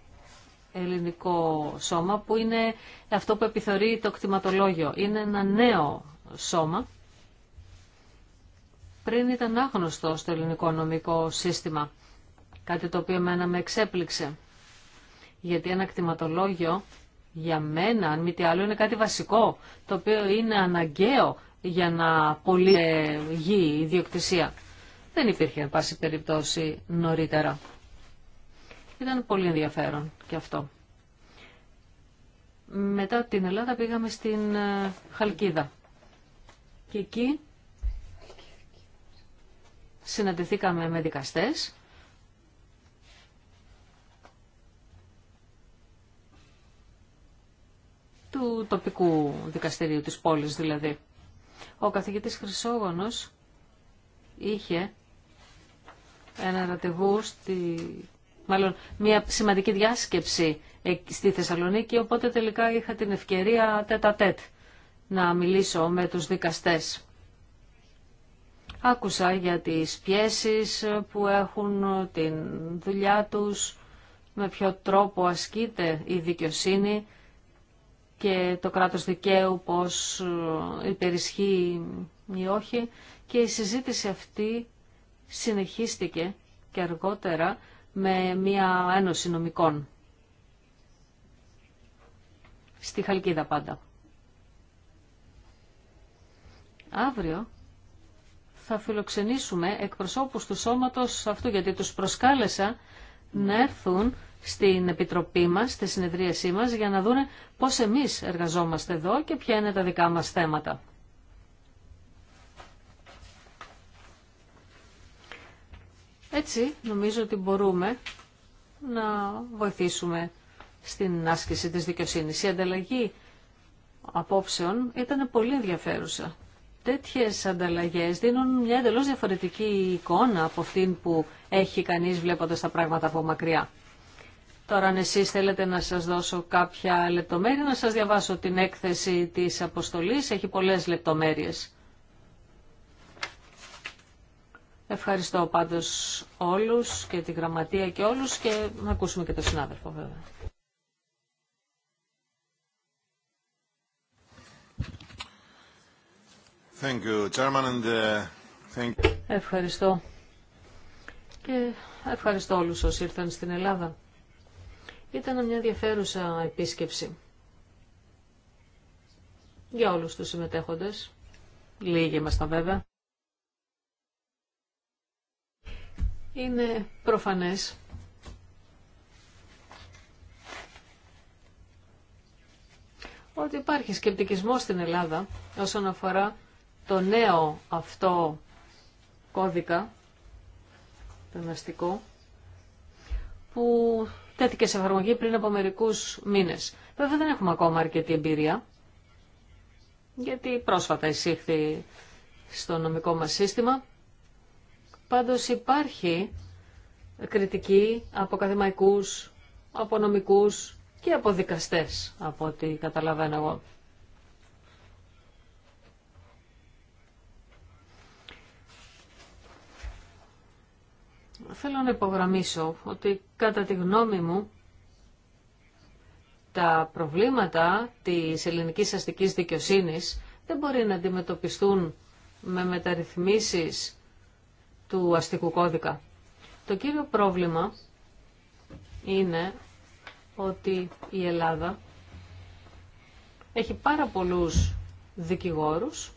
ελληνικό σώμα που είναι αυτό που επιθωρεί το κτηματολόγιο. Είναι ένα νέο σώμα. Πριν ήταν άγνωστο στο ελληνικό νομικό σύστημα, κάτι το οποίο εμένα με εξέπληξε. Γιατί ένα κτηματολόγιο για μένα, αν μη τι άλλο, είναι κάτι βασικό, το οποίο είναι αναγκαίο για να πολύ γη, ιδιοκτησία. Δεν υπήρχε, εν πάση περιπτώσει, νωρίτερα. Ήταν πολύ ενδιαφέρον και αυτό. Μετά την Ελλάδα πήγαμε στην ε, Χαλκίδα. Και εκεί συναντηθήκαμε με δικαστές του τοπικού δικαστηρίου της πόλης δηλαδή. Ο καθηγητής Χρυσόγονος είχε ένα ραντεβού Μάλλον μια σημαντική διάσκεψη στη Θεσσαλονίκη, οπότε τελικά είχα την ευκαιρία τέτα τέτ να μιλήσω με τους δικαστές. Άκουσα για τις πιέσεις που έχουν την δουλειά τους, με ποιο τρόπο ασκείται η δικαιοσύνη και το κράτος δικαίου πώς ε, υπερισχύει ή όχι και η συζήτηση αυτή συνεχίστηκε και αργότερα με μια ένωση νομικών στη Χαλκίδα πάντα. Αύριο θα φιλοξενήσουμε εκπροσώπους του σώματος αυτού γιατί τους προσκάλεσα να έρθουν στην Επιτροπή μας, στη συνεδρίασή μας, για να δούνε πώς εμείς εργαζόμαστε εδώ και ποια είναι τα δικά μας θέματα. Έτσι, νομίζω ότι μπορούμε να βοηθήσουμε στην άσκηση της δικαιοσύνης. Η ανταλλαγή απόψεων ήταν πολύ ενδιαφέρουσα. Τέτοιες ανταλλαγές δίνουν μια εντελώς διαφορετική εικόνα από αυτήν που έχει κανείς βλέποντας τα πράγματα από μακριά. Τώρα αν εσείς θέλετε να σας δώσω κάποια λεπτομέρεια, να σας διαβάσω την έκθεση της αποστολής. Έχει πολλές λεπτομέρειες. Ευχαριστώ πάντως όλους και τη γραμματεία και όλους και να ακούσουμε και τον συνάδελφο βέβαια. Thank you, and uh, thank Ευχαριστώ. Και ευχαριστώ όλους όσοι ήρθαν στην Ελλάδα. Ήταν μια ενδιαφέρουσα επίσκεψη για όλους τους συμμετέχοντες. Λίγοι ήμασταν βέβαια. Είναι προφανές ότι υπάρχει σκεπτικισμό στην Ελλάδα όσον αφορά το νέο αυτό κώδικα, το που τέθηκε σε εφαρμογή πριν από μερικού μήνε. Βέβαια δεν έχουμε ακόμα αρκετή εμπειρία, γιατί πρόσφατα εισήχθη στο νομικό μας σύστημα. Πάντως υπάρχει κριτική από ακαδημαϊκούς, από νομικούς και από δικαστές, από ό,τι καταλαβαίνω εγώ. Θέλω να υπογραμμίσω ότι κατά τη γνώμη μου τα προβλήματα της ελληνικής αστικής δικαιοσύνης δεν μπορεί να αντιμετωπιστούν με μεταρρυθμίσεις του αστικού κώδικα. Το κύριο πρόβλημα είναι ότι η Ελλάδα έχει πάρα πολλούς δικηγόρους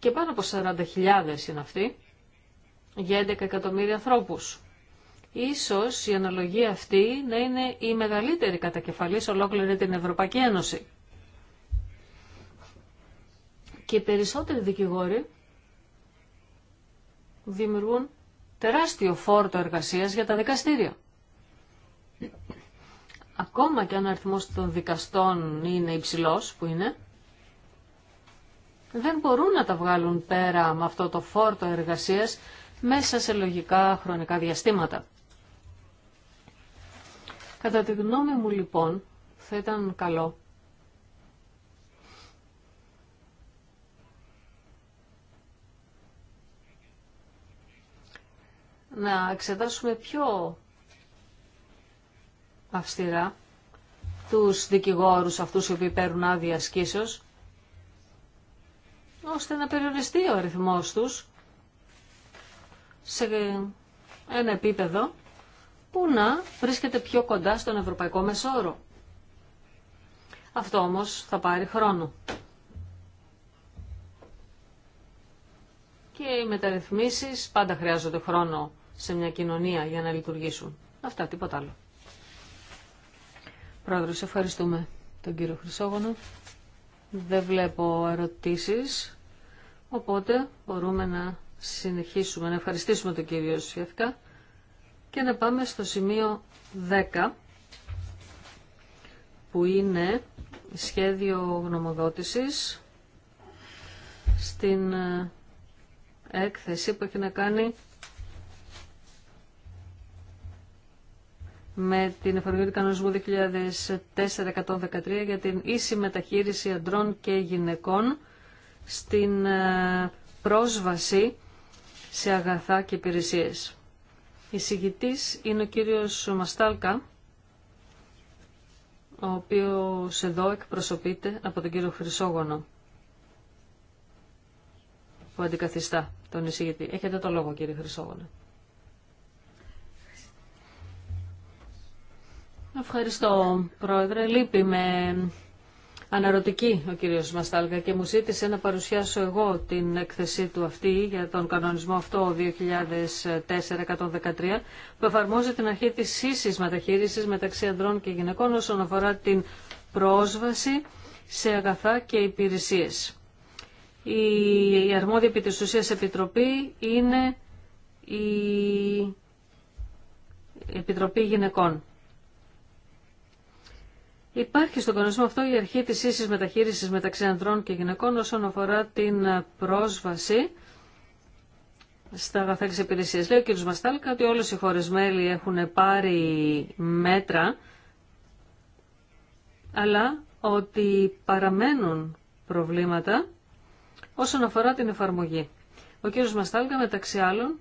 και πάνω από 40.000 είναι αυτοί για 11 εκατομμύρια ανθρώπους. Ίσως η αναλογία αυτή να είναι η μεγαλύτερη κατακεφαλής ολόκληρη την Ευρωπαϊκή Ένωση. Και οι περισσότεροι δικηγόροι δημιουργούν τεράστιο φόρτο εργασίας για τα δικαστήρια. Ακόμα και αν ο αριθμός των δικαστών είναι υψηλός, που είναι, δεν μπορούν να τα βγάλουν πέρα με αυτό το φόρτο εργασίας μέσα σε λογικά χρονικά διαστήματα. Κατά τη γνώμη μου λοιπόν θα ήταν καλό να εξετάσουμε πιο αυστηρά τους δικηγόρους αυτούς οι οποίοι παίρνουν άδεια ώστε να περιοριστεί ο αριθμός τους σε ένα επίπεδο που να βρίσκεται πιο κοντά στον ευρωπαϊκό μεσόρο. Αυτό όμως θα πάρει χρόνο. Και οι μεταρρυθμίσεις πάντα χρειάζονται χρόνο σε μια κοινωνία για να λειτουργήσουν. Αυτά, τίποτα άλλο. Πρόεδρος, ευχαριστούμε τον κύριο Χρυσόγονο. Δεν βλέπω ερωτήσεις Οπότε μπορούμε να συνεχίσουμε, να ευχαριστήσουμε τον κύριο Σιεύκα και να πάμε στο σημείο 10 που είναι σχέδιο γνωμοδότησης στην ε, έκθεση που έχει να κάνει με την εφαρμογή του κανονισμού 2004-113 για την ίση μεταχείριση αντρών και γυναικών στην ε, πρόσβαση σε αγαθά και υπηρεσίες. Η συγητής είναι ο κύριος Μαστάλκα, ο οποίος εδώ εκπροσωπείται από τον κύριο Χρυσόγονο, που αντικαθιστά τον εισηγητή. Έχετε το λόγο κύριε Χρυσόγονο. Ευχαριστώ πρόεδρε. Λείπει με αναρωτική ο κύριος Μαστάλγα και μου ζήτησε να παρουσιάσω εγώ την έκθεσή του αυτή για τον κανονισμό αυτό 2004-113 που εφαρμόζει την αρχή της ίσης μεταχείρισης μεταξύ ανδρών και γυναικών όσον αφορά την πρόσβαση σε αγαθά και υπηρεσίες. Η αρμόδια επί της επιτροπή είναι η Επιτροπή Γυναικών. Υπάρχει στον κανονισμό αυτό η αρχή της ίσης μεταχείρισης μεταξύ ανδρών και γυναικών όσον αφορά την πρόσβαση στα αγαθά και υπηρεσίες. Λέει ο κ. Μαστάλκα ότι όλες οι χώρες μέλη έχουν πάρει μέτρα, αλλά ότι παραμένουν προβλήματα όσον αφορά την εφαρμογή. Ο κ. Μαστάλκα μεταξύ άλλων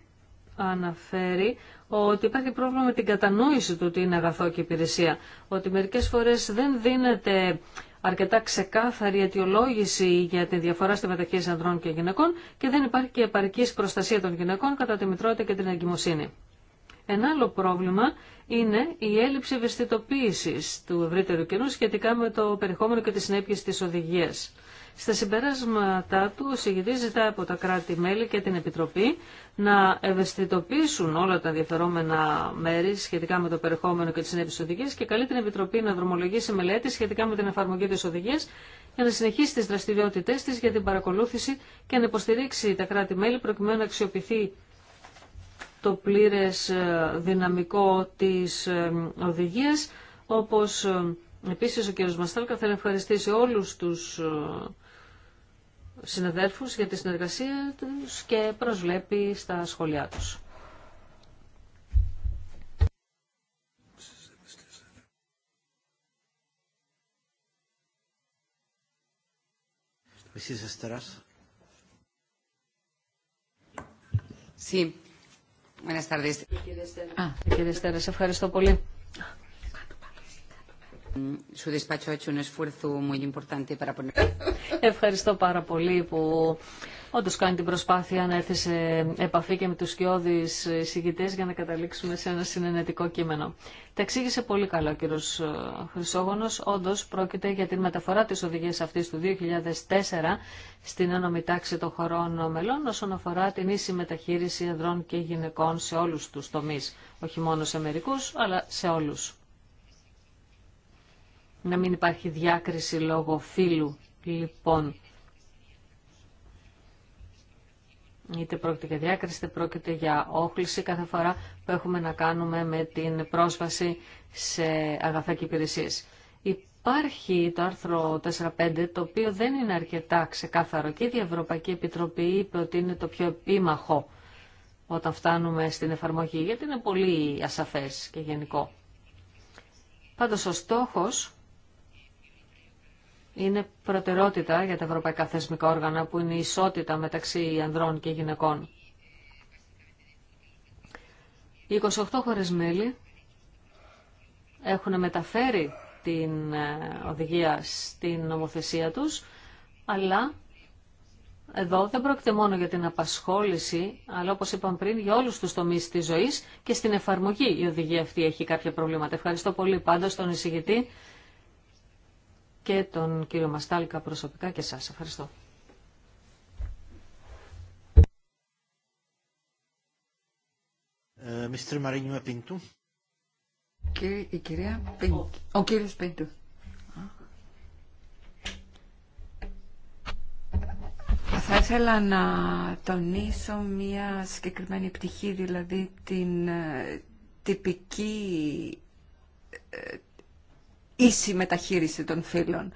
αναφέρει ότι υπάρχει πρόβλημα με την κατανόηση του τι είναι αγαθό και υπηρεσία. Ότι μερικές φορές δεν δίνεται αρκετά ξεκάθαρη αιτιολόγηση για τη διαφορά στη μεταχείριση ανδρών και γυναικών και δεν υπάρχει και επαρκή προστασία των γυναικών κατά τη μητρότητα και την εγκυμοσύνη. Ένα άλλο πρόβλημα είναι η έλλειψη ευαισθητοποίηση του ευρύτερου κοινού σχετικά με το περιεχόμενο και τι συνέπειε τη οδηγία. Στα συμπεράσματά του, ο συγητής ζητά από τα κράτη-μέλη και την Επιτροπή να ευαισθητοποιήσουν όλα τα ενδιαφερόμενα μέρη σχετικά με το περιεχόμενο και τις συνέπειες της οδηγίας και καλεί την Επιτροπή να δρομολογήσει μελέτη σχετικά με την εφαρμογή της οδηγίας για να συνεχίσει τις δραστηριότητές της για την παρακολούθηση και να υποστηρίξει τα κράτη-μέλη προκειμένου να αξιοποιηθεί το πλήρες ε, δυναμικό της ε, οδηγίας, όπως ε, επίσης ο κ. Μαστάλκα θέλει ευχαριστήσει όλους τους συναδέλφους για τη συνεργασία τους και προσβλέπει στα σχόλιά τους. Κύριε ευχαριστώ πολύ. Ευχαριστώ πάρα πολύ που όντως κάνει την προσπάθεια να έρθει σε επαφή και με τους σκιώδεις συγκητές για να καταλήξουμε σε ένα συνενετικό κείμενο. Τα εξήγησε πολύ καλά ο κύριος ε, Χρυσόγονος. Όντως πρόκειται για την μεταφορά της οδηγίας αυτής του 2004 στην ένωμη τάξη των χωρών μελών όσον αφορά την ίση μεταχείριση ανδρών και γυναικών σε όλους τους τομείς. Όχι μόνο σε μερικούς αλλά σε όλους. Να μην υπάρχει διάκριση λόγω φίλου. λοιπόν. Είτε πρόκειται για διάκριση, είτε πρόκειται για όχληση κάθε φορά που έχουμε να κάνουμε με την πρόσβαση σε αγαθά και υπηρεσίες. Υπάρχει το άρθρο 4.5 το οποίο δεν είναι αρκετά ξεκάθαρο και η Ευρωπαϊκή Επιτροπή είπε ότι είναι το πιο επίμαχο όταν φτάνουμε στην εφαρμογή γιατί είναι πολύ ασαφές και γενικό. Πάντως ο στόχος είναι προτεραιότητα για τα ευρωπαϊκά θεσμικά όργανα που είναι η ισότητα μεταξύ ανδρών και γυναικών. Οι 28 χώρες μέλη έχουν μεταφέρει την ε, οδηγία στην νομοθεσία τους, αλλά εδώ δεν πρόκειται μόνο για την απασχόληση, αλλά όπως είπαμε πριν, για όλους τους τομείς της ζωής και στην εφαρμογή η οδηγία αυτή έχει κάποια προβλήματα. Ευχαριστώ πολύ πάντα τον εισηγητή και τον κύριο Μαστάλικα προσωπικά και σας. Ευχαριστώ. Ε, ο κύριος Θα ήθελα να τονίσω μία συγκεκριμένη πτυχή, δηλαδή την ε, τυπική ε, ίση μεταχείριση των φύλων.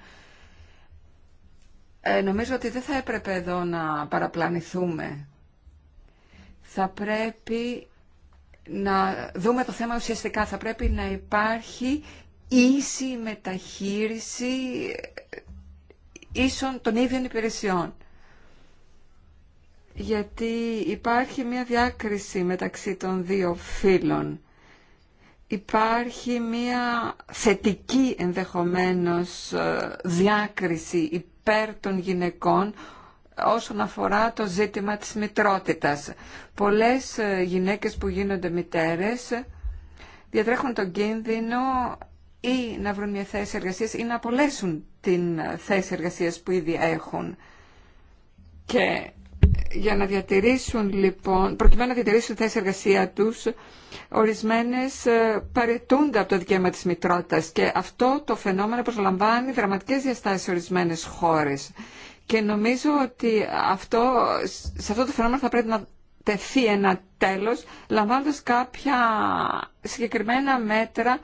Ε, νομίζω ότι δεν θα έπρεπε εδώ να παραπλανηθούμε. Θα πρέπει να δούμε το θέμα ουσιαστικά. Θα πρέπει να υπάρχει ίση μεταχείριση ε, ίσων των ίδιων υπηρεσιών. Γιατί υπάρχει μια διάκριση μεταξύ των δύο φύλων υπάρχει μία θετική ενδεχομένως ε, διάκριση υπέρ των γυναικών όσον αφορά το ζήτημα της μητρότητας. Πολλές ε, γυναίκες που γίνονται μητέρες διατρέχουν τον κίνδυνο ή να βρουν μια θέση εργασίας ή να απολέσουν την ε, θέση εργασίας που ήδη έχουν για να διατηρήσουν λοιπόν, προκειμένου να διατηρήσουν θέση εργασία τους, ορισμένες ε, παρετούνται από το δικαίωμα της μητρότητας και αυτό το φαινόμενο προσλαμβάνει δραματικές διαστάσεις σε ορισμένες χώρες. Και νομίζω ότι αυτό, σε αυτό το φαινόμενο θα πρέπει να τεθεί ένα τέλος, λαμβάνοντας κάποια συγκεκριμένα μέτρα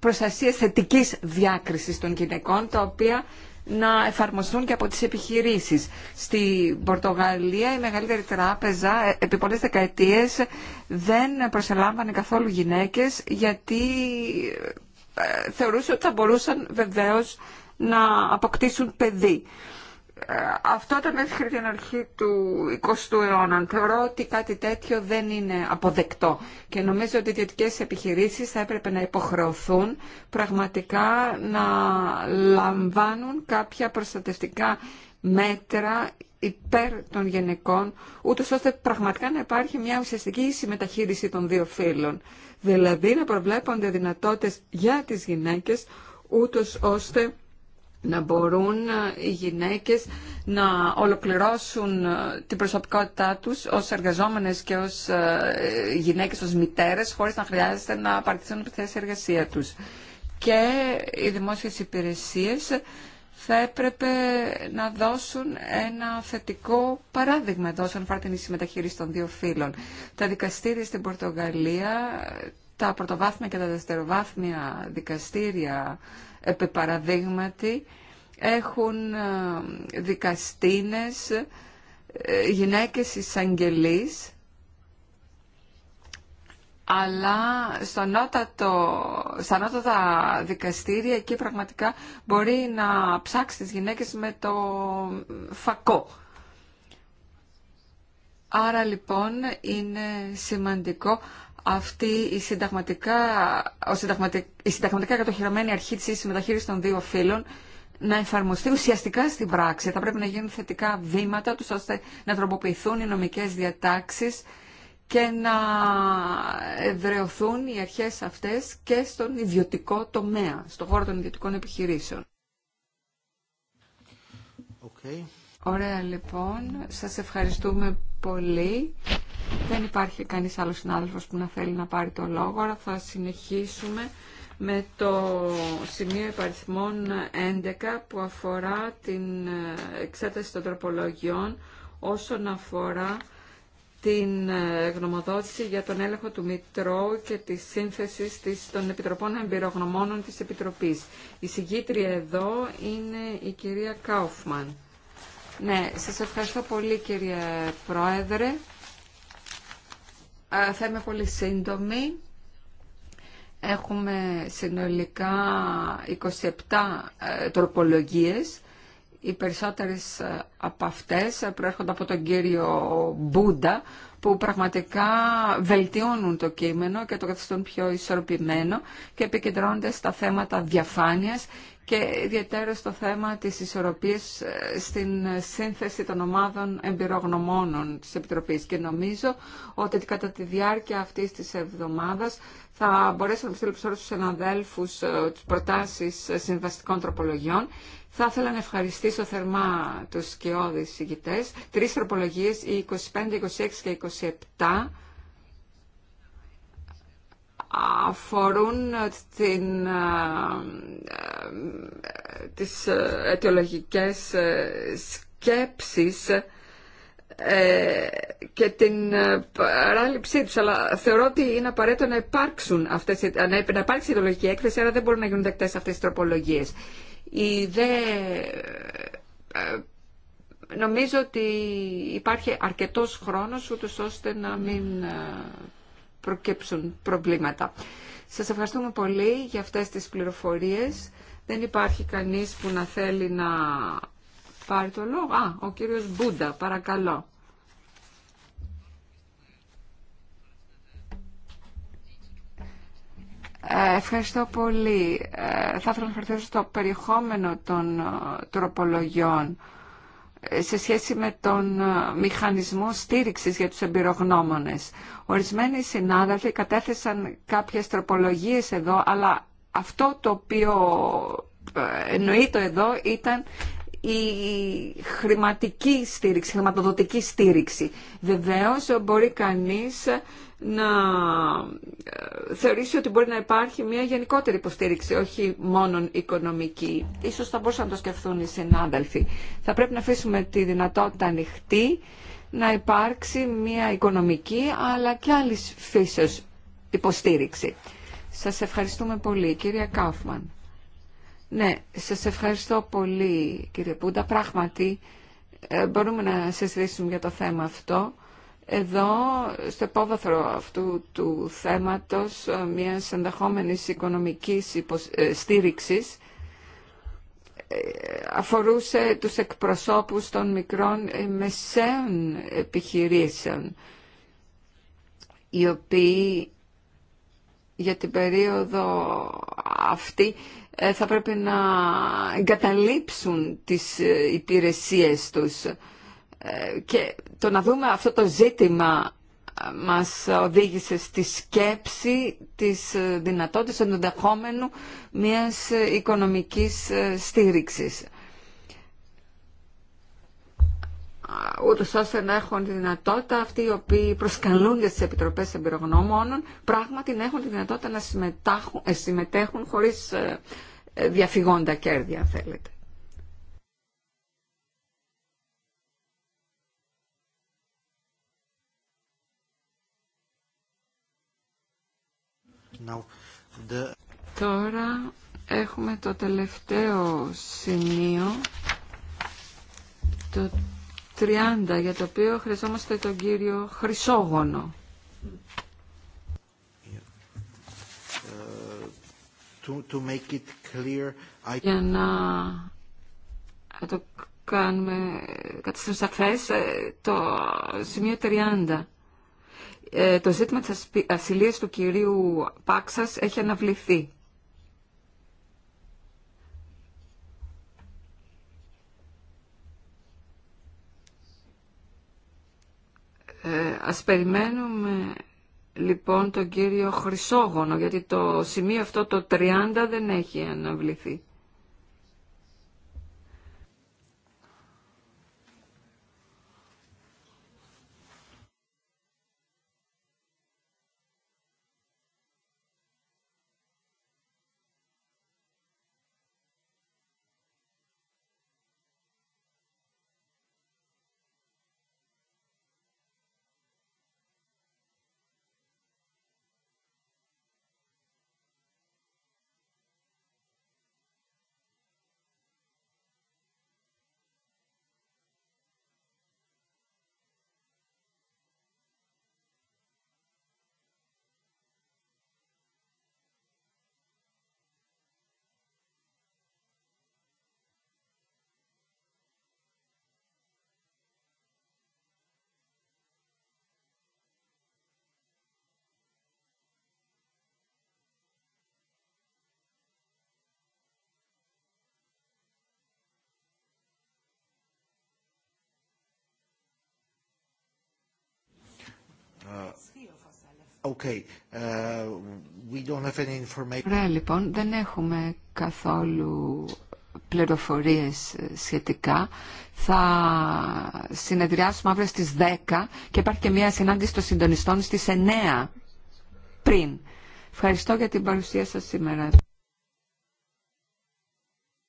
προστασίας θετικής διάκρισης των γυναικών, τα οποία να εφαρμοστούν και από τις επιχειρήσεις. Στην Πορτογαλία η μεγαλύτερη τράπεζα ε, επί πολλές δεκαετίες δεν προσελάμβανε καθόλου γυναίκες γιατί ε, θεωρούσε ότι θα μπορούσαν βεβαίως να αποκτήσουν παιδί αυτό ήταν μέχρι την αρχή του 20ου αιώνα. Θεωρώ ότι κάτι τέτοιο δεν είναι αποδεκτό και νομίζω ότι οι ιδιωτικέ επιχειρήσεις θα έπρεπε να υποχρεωθούν πραγματικά να λαμβάνουν κάποια προστατευτικά μέτρα υπέρ των γενικών, ούτως ώστε πραγματικά να υπάρχει μια ουσιαστική συμμεταχείριση των δύο φύλων. Δηλαδή να προβλέπονται δυνατότητες για τις γυναίκες, ούτως ώστε να μπορούν οι γυναίκες να ολοκληρώσουν ε, την προσωπικότητά τους ως εργαζόμενες και ως ε, γυναίκες, ως μητέρες, χωρίς να χρειάζεται να παρτιστούν από τη θέση εργασία τους. Και οι δημόσιες υπηρεσίες θα έπρεπε να δώσουν ένα θετικό παράδειγμα εδώ όσον αφορά την των δύο φύλων. Τα δικαστήρια στην Πορτογαλία τα πρωτοβάθμια και τα δευτεροβάθμια δικαστήρια επί παραδείγματι έχουν ε, δικαστίνες, ε, γυναίκες εισαγγελείς, αλλά στο το στα νότατα δικαστήρια εκεί πραγματικά μπορεί να ψάξει τις γυναίκες με το φακό. Άρα λοιπόν είναι σημαντικό αυτή η συνταγματικά, ο συνταγματικ, η συνταγματικά κατοχυρωμένη αρχή της ίσης των δύο φύλων να εφαρμοστεί ουσιαστικά στην πράξη. Θα πρέπει να γίνουν θετικά βήματα τους ώστε να τροποποιηθούν οι νομικές διατάξεις και να ευρεωθούν οι αρχές αυτές και στον ιδιωτικό τομέα, στον χώρο των ιδιωτικών επιχειρήσεων. Ωραία λοιπόν, σας ευχαριστούμε πολύ. Δεν υπάρχει κανείς άλλος συνάδελφος που να θέλει να πάρει το λόγο, αλλά θα συνεχίσουμε με το σημείο υπαριθμών 11 που αφορά την ε, εξέταση των τροπολογιών όσον αφορά την ε, γνωμοδότηση για τον έλεγχο του Μητρώου και τη σύνθεση των Επιτροπών Εμπειρογνωμόνων της Επιτροπής. Η συγκήτρια εδώ είναι η κυρία Κάουφμαν. Ναι, σας ευχαριστώ πολύ κύριε Πρόεδρε. Ε, θα είμαι πολύ σύντομη. Έχουμε συνολικά 27 ε, τροπολογίες. Οι περισσότερες ε, από αυτές προέρχονται από τον κύριο Μπούντα, που πραγματικά βελτιώνουν το κείμενο και το καθιστούν πιο ισορροπημένο και επικεντρώνονται στα θέματα διαφάνειας και ιδιαίτερα στο θέμα της ισορροπίας ε, στην σύνθεση των ομάδων εμπειρογνωμόνων της Επιτροπής. Και νομίζω ότι κατά τη διάρκεια αυτής της εβδομάδας θα μπορέσω να στείλω όλους τους συναδέλφους ε, τις προτάσεις ε, συμβαστικών τροπολογιών. Θα ήθελα να ευχαριστήσω θερμά τους σκιώδεις συγκητές. Τρεις τροπολογίες, οι 25, 26 και 27 αφορούν την, ε, ε, τις ε, αιτιολογικές σκέψεις και την παράληψή τους. Αλλά θεωρώ ότι είναι απαραίτητο να, υπάρξουν αυτές, να υπάρξει αιτιολογική έκθεση, άρα δεν μπορούν να γίνουν δεκτές αυτές οι τροπολογίες. Η δε... Νομίζω ότι υπάρχει αρκετός χρόνος ούτως ώστε να μην προκύψουν προβλήματα. Σας ευχαριστούμε πολύ για αυτές τις πληροφορίες. Δεν υπάρχει κανείς που να θέλει να πάρει το λόγο. Α, ο κύριος Μπούντα, παρακαλώ. Ε, ευχαριστώ πολύ. Ε, θα ήθελα να αναφερθώ στο περιεχόμενο των ε, τροπολογιών σε σχέση με τον μηχανισμό στήριξης για τους εμπειρογνώμονες. Ορισμένοι συνάδελφοι κατέθεσαν κάποιες τροπολογίες εδώ, αλλά αυτό το οποίο ε, εννοείται εδώ ήταν η χρηματική στήριξη, χρηματοδοτική στήριξη. Βεβαίως μπορεί κανείς να ε, θεωρήσει ότι μπορεί να υπάρχει μια γενικότερη υποστήριξη, όχι μόνο οικονομική. Ίσως θα μπορούσαν να το σκεφτούν οι συνάδελφοι. Θα πρέπει να αφήσουμε τη δυνατότητα ανοιχτή να υπάρξει μια οικονομική αλλά και άλλη φύσεως υποστήριξη. Σας ευχαριστούμε πολύ, κυρία Κάφμαν. Ναι, σας ευχαριστώ πολύ, κύριε Πούντα. Πράγματι, ε, μπορούμε να συζητήσουμε για το θέμα αυτό. Εδώ, στο υπόβαθρο αυτού του θέματος ε, μιας ενδεχόμενης οικονομικής υποστήριξης, ε, αφορούσε τους εκπροσώπους των μικρών ε, μεσαίων επιχειρήσεων οι οποίοι για την περίοδο αυτή ε, θα πρέπει να εγκαταλείψουν τις ε, υπηρεσίες τους και το να δούμε αυτό το ζήτημα μας οδήγησε στη σκέψη της δυνατότητας ενδεχόμενου μιας οικονομικής στήριξης. ούτως ώστε να έχουν τη δυνατότητα αυτοί οι οποίοι προσκαλούνται στις Επιτροπές Εμπειρογνώμων πράγματι να έχουν τη δυνατότητα να ε, συμμετέχουν χωρίς ε, διαφυγόντα κέρδη αν θέλετε. Τώρα έχουμε το τελευταίο σημείο, το 30, για το οποίο χρειαζόμαστε τον κύριο Χρυσόγονο. Uh, για να το κάνουμε κατά καταστροφές, ε, το σημείο 30. Ε, το ζήτημα της ασυλίας του κυρίου Πάξας έχει αναβληθεί. Ε, ας περιμένουμε λοιπόν τον κύριο Χρυσόγονο, γιατί το σημείο αυτό το 30 δεν έχει αναβληθεί. Uh, Ωραία, λοιπόν, δεν έχουμε καθόλου πληροφορίες ε, σχετικά. Θα συνεδριάσουμε αύριο στις 10 και υπάρχει και μια συνάντηση των συντονιστών στις 9 πριν. Ευχαριστώ για την παρουσία σας σήμερα.